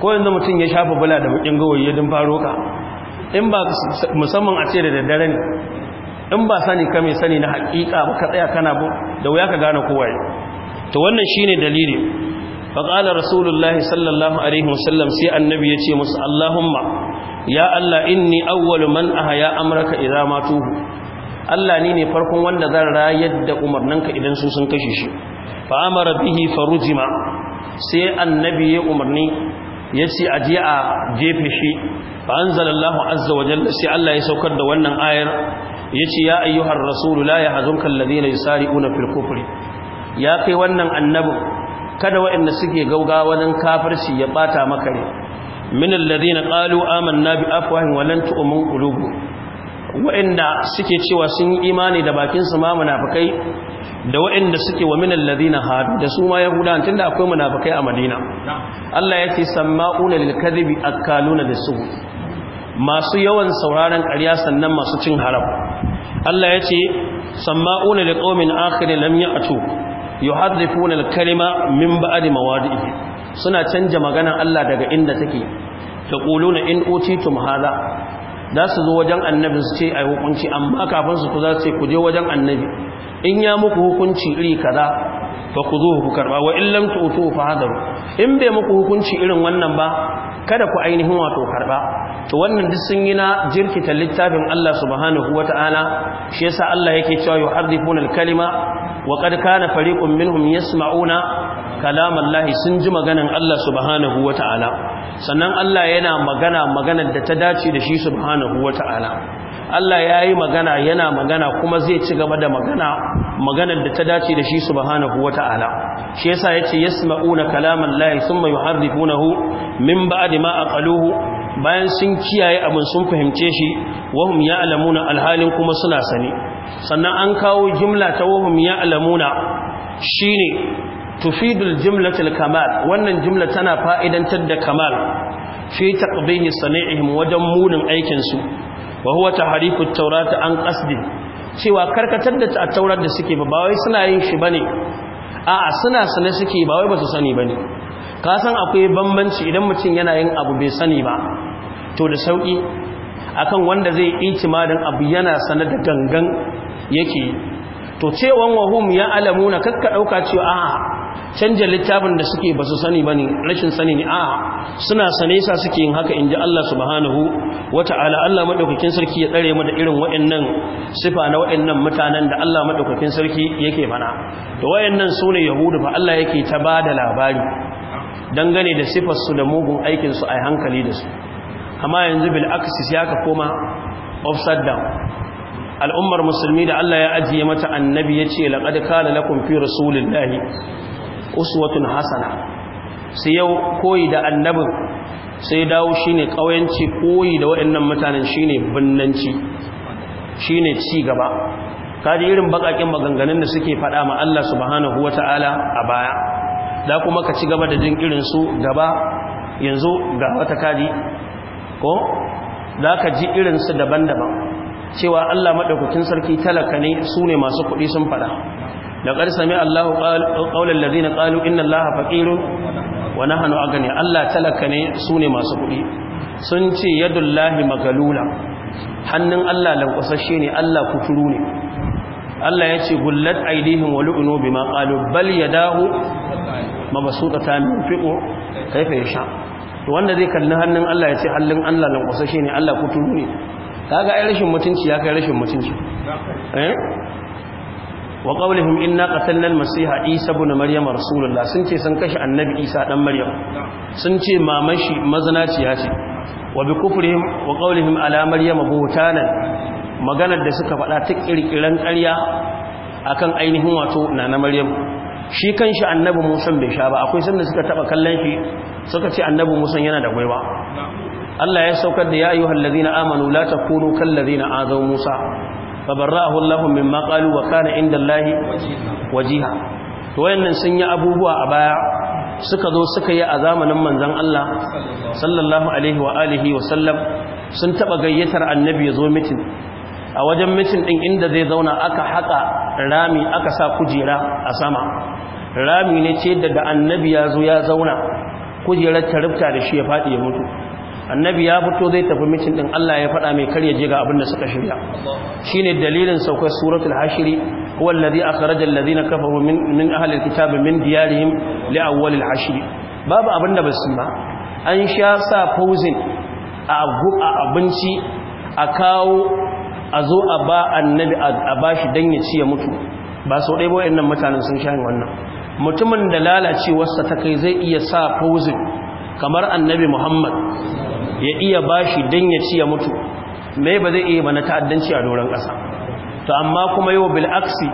S1: ko yanzu mutum ya shafa bula da bakin gawayi ya din faro ka in ba musamman a ce da daddare ne in ba sani ka mai sani na haƙiƙa ba ka tsaya kana bu da wuya ka gane kowaye to wannan shine dalili fa qala rasulullah sallallahu alaihi wasallam sai annabi ya ce musu allahumma ya allah inni awwalu man ahya amraka idza matu Allah ni ne farkon wanda zan rayar da umarninka idan su sun kashe shi fa amara bihi farujima sai annabi ya umarni ya ce a je a jefe shi fa anzalallahu azza wa jalla sai Allah ya saukar da wannan ayar ya ce ya ayyuhar rasul la yahzunka alladhina yusari'una fil kufr ya kai wannan annabi kada wa'anda suke gauga wajen kafirci ya bata maka ne min alladhina qalu amanna bi afwahin wa lan tu'min qulubu wa'anda suke cewa sun yi imani da bakin su ma munafikai da wa'anda suke wa min alladhina hadu da su ma yahudan tunda akwai munafikai a Madina Allah ya ce sama'una lil kadhibi akaluna lisuhu masu yawan sauraron ƙarya sannan masu cin haram Allah ya ce sama'una liqaumin akhirin lam ya'tu yuhadhifuna al-kalima min ba'di mawadi'i suna canja maganar Allah daga inda take taquluna in utitum hada da su zo wajen annabi su ce ai hukunci amma kafin su ku za su ce ku je wajen annabi in ya muku hukunci iri kaza Baku khuduhu ku karba wa in lam tu'tuhu in bai muku hukunci irin wannan ba kada ku ainihin wato karba to wannan duk sun yi na jirkita littafin Allah subhanahu wata'ala shi yasa Allah yake cewa yuharrifuna al-kalima wa qad kana fariqun minhum yasma'una kalam Allah sun ji maganan Allah subhanahu wata'ala sannan Allah yana magana maganar da ta dace da shi subhanahu wata'ala Allah ya yi magana yana magana kuma zai ci gaba da magana maganar da ta dace da shi subhanahu wata'ala shi yasa yace yasma'una kalaman lahi thumma yuharrifunahu min ba'di ma aqaluhu bayan sun kiyaye abin sun fahimce shi wahum ya'lamuna alhalin kuma suna sani sannan an kawo jimla ta wahum ya'lamuna shine tufidul jimlatul kamal wannan jimla tana fa'idantar da kamal fi taqbihi sani'ihim wajen munin aikin su wa huwa tahrifu at-taurata an qasdi cewa karkatar da at-taurat da suke ba wai suna yin shi bane a'a suna sane suke ba wai ba su sani bane ka san akwai bambanci idan mutum yana yin abu bai sani ba to da sauki akan wanda zai itimadin abu yana sanar da gangan yake to cewan wahum ya alamuna kakka dauka cewa a'a canja littafin da suke ba su sani ba ne rashin sani ne a suna sane sa suke yin haka in ji Allah subhanahu wata'ala Allah maɗaukakin sarki ya tsare mu da irin waɗannan sifa na waɗannan mutanen da Allah maɗaukakin sarki yake mana da waɗannan su ne yahudu fa Allah yake ta ba da labari dangane da su da mugun aikinsu a hankali da su amma yanzu bil aksis ya ka koma offside down al'ummar musulmi da Allah ya ajiye mata annabi ya ce laƙad kala lakum fi rasulillahi uswatun hasana sai yau koyi da annabin sai dawo shine kauyanci koyi da waɗannan mutanen shine binnanci shine ci gaba kaji irin bakakin maganganun da suke faɗa ma Allah subhanahu wata'ala a baya da kuma ka ci gaba da jin irin su gaba yanzu ga wata kaji ko da ka ji irin su daban-daban cewa Allah maɗaukakin sarki talaka ne su ne masu kuɗi sun faɗa لقد سمع الله قول الذين قالوا إن الله فقير ونحن أغني الله تلكني سوني ما سكري سنتي يد الله مغلولة hannun Allah lankwasashe ne Allah kuturu ne Allah ya ce gullat aidihim wa lu'nu ma qalu bal yadahu mabsutatan fiqo kaifa yasha to wanda zai kalli hannun Allah ya ce hannun Allah lankwasashe ne Allah kuturu ne kaga ai rashin mutunci ya kai rashin mutunci eh wa qawlihim inna qatalna al-masiha isa ibn maryam rasulullah sun ce sun kashe annabi isa dan maryam sun ce maman shi mazinaciya ce wa bi kufrihim wa qawlihim ala maryam buhtanan maganar da suka faɗa ta kirkiran ƙarya akan ainihin wato nana maryam shi kanshi annabi musa bai sha ba akwai sanda suka taba kallon shi suka ce annabi musa yana da gwaiwa Allah ya saukar da ya ayyuhal ladina amanu la takunu kal ladina azaw musa fabarra'ahu Allah mimma qalu wa kana inda Allah wajiha wayannan sun yi abubuwa a baya suka zo suka yi a zamanin manzon Allah sallallahu alaihi wa alihi wa sallam sun taba gayyatar annabi ya zo mitin a wajen mitin din inda zai zauna aka haka rami aka sa kujera a sama rami ne ce da annabi ya zo ya zauna kujerar ta rubuta da shi ya faɗi ya mutu annabi ya fito zai tafi mitin din Allah ya faɗa mai kar ya je ga abin da suka shirya shine dalilin saukar suratul hashiri huwa alladhi akhraja alladhina kafaru min min ahli alkitabi min diyarihim li awwal alhashiri babu abin da basu ba an sha sa fauzin a abinci a kawo a zo a ba annabi a bashi dan ya ci ya mutu ba sau ɗaya ba wa'annan mutanen sun sha wannan mutumin da lalacewarsa ta kai zai iya sa fauzin kamar annabi muhammad ya iya bashi dan ya ci ya mutu mai ba zai iya mana ta'addanci a doron ƙasa to amma kuma yau bil'aksi aksi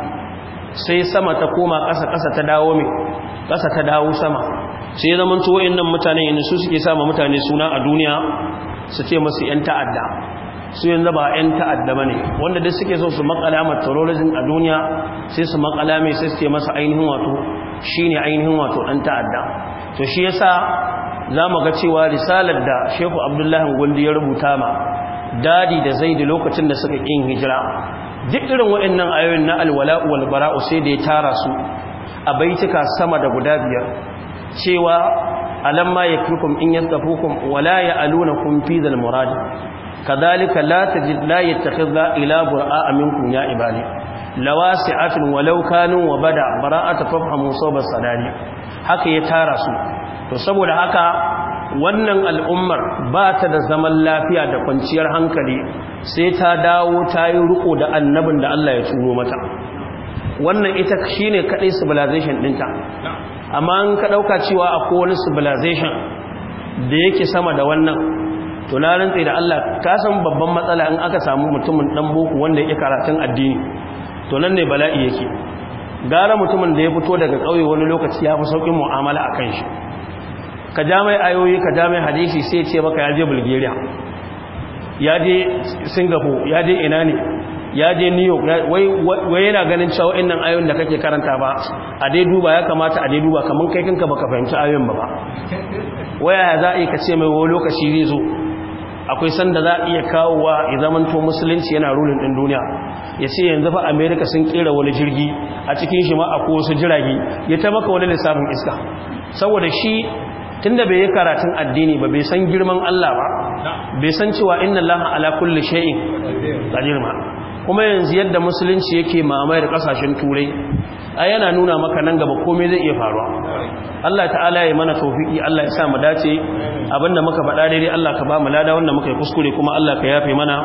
S1: sai sama ta koma ƙasa ƙasa ta dawo mai ƙasa ta dawo sama sai ya zamanto nan mutane yin su suke sama mutane suna a duniya su ce masu yan ta'adda su yanzu ba yan ta'adda ba ne wanda duk suke so su makala ma terrorism a duniya sai su makala mai sai su ce masa ainihin wato shine ainihin wato yan ta'adda to shi yasa za mu ga cewa risalar da shehu abdullahi gundu ya rubuta ma dadi da zai da lokacin da suka ƙin hijira duk irin waɗannan ayoyin na alwala wal bara'u sai da ya tara su a baituka sama da guda biyar cewa alamma yakrukum in yastafukum wala kun fi zal murad kadhalika la tajid la yattakhidha ila bura'a minkum ya ibadi lawasi'atin walau kanu wa bada bara'ata fafhamu sawba sadani haka ya tara su to saboda haka wannan al'ummar ba ta da zaman lafiya da kwanciyar hankali sai ta dawo ta yi riko da annabin da Allah ya turo mata wannan ita shine kaɗai civilization dinta amma an ka dauka cewa akwai wani civilization da yake sama da wannan to na rantsa da Allah ka san babban matsala in aka samu mutumin dan boko wanda yake karatun addini to nan ne bala'i yake gara mutumin da ya fito daga ƙauye wani lokaci ya fi saukin mu'amala akan shi ka ja mai ayoyi ka ja mai hadisi sai ce maka ya je bulgaria ya je singapore ya je ina ne ya je new york wai yana ganin cewa nan ayoyin da kake karanta ba a dai duba ya kamata a dai duba kamar kai kanka baka fahimci ayoyin ba ba waya za a yi ka ce mai wani lokaci zai zo akwai sanda za a iya kawowa ya zamanto musulunci yana rulin ɗin duniya ya ce yanzu fa amerika sun kera wani jirgi a cikin shi ma a wasu jirage ya ta maka wani lissafin iska saboda shi tunda bai yi karatun addini ba bai san girman Allah ba bai san cewa inna laha ala kulli shay'in qadir ma kuma yanzu yadda musulunci yake mamayar kasashen turai ai yana nuna maka nan gaba komai zai iya faruwa Allah ta'ala ya mana tawfiki Allah ya sa mu dace abinda muka faɗa daidai Allah ka ba mu lada wanda muka kuskure kuma Allah ka yafe mana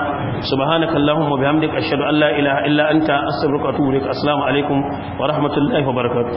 S1: subhanakallahumma bihamdika ashhadu an la ilaha illa anta astaghfiruka wa atubu ilaik assalamu alaikum wa rahmatullahi wa barakatuh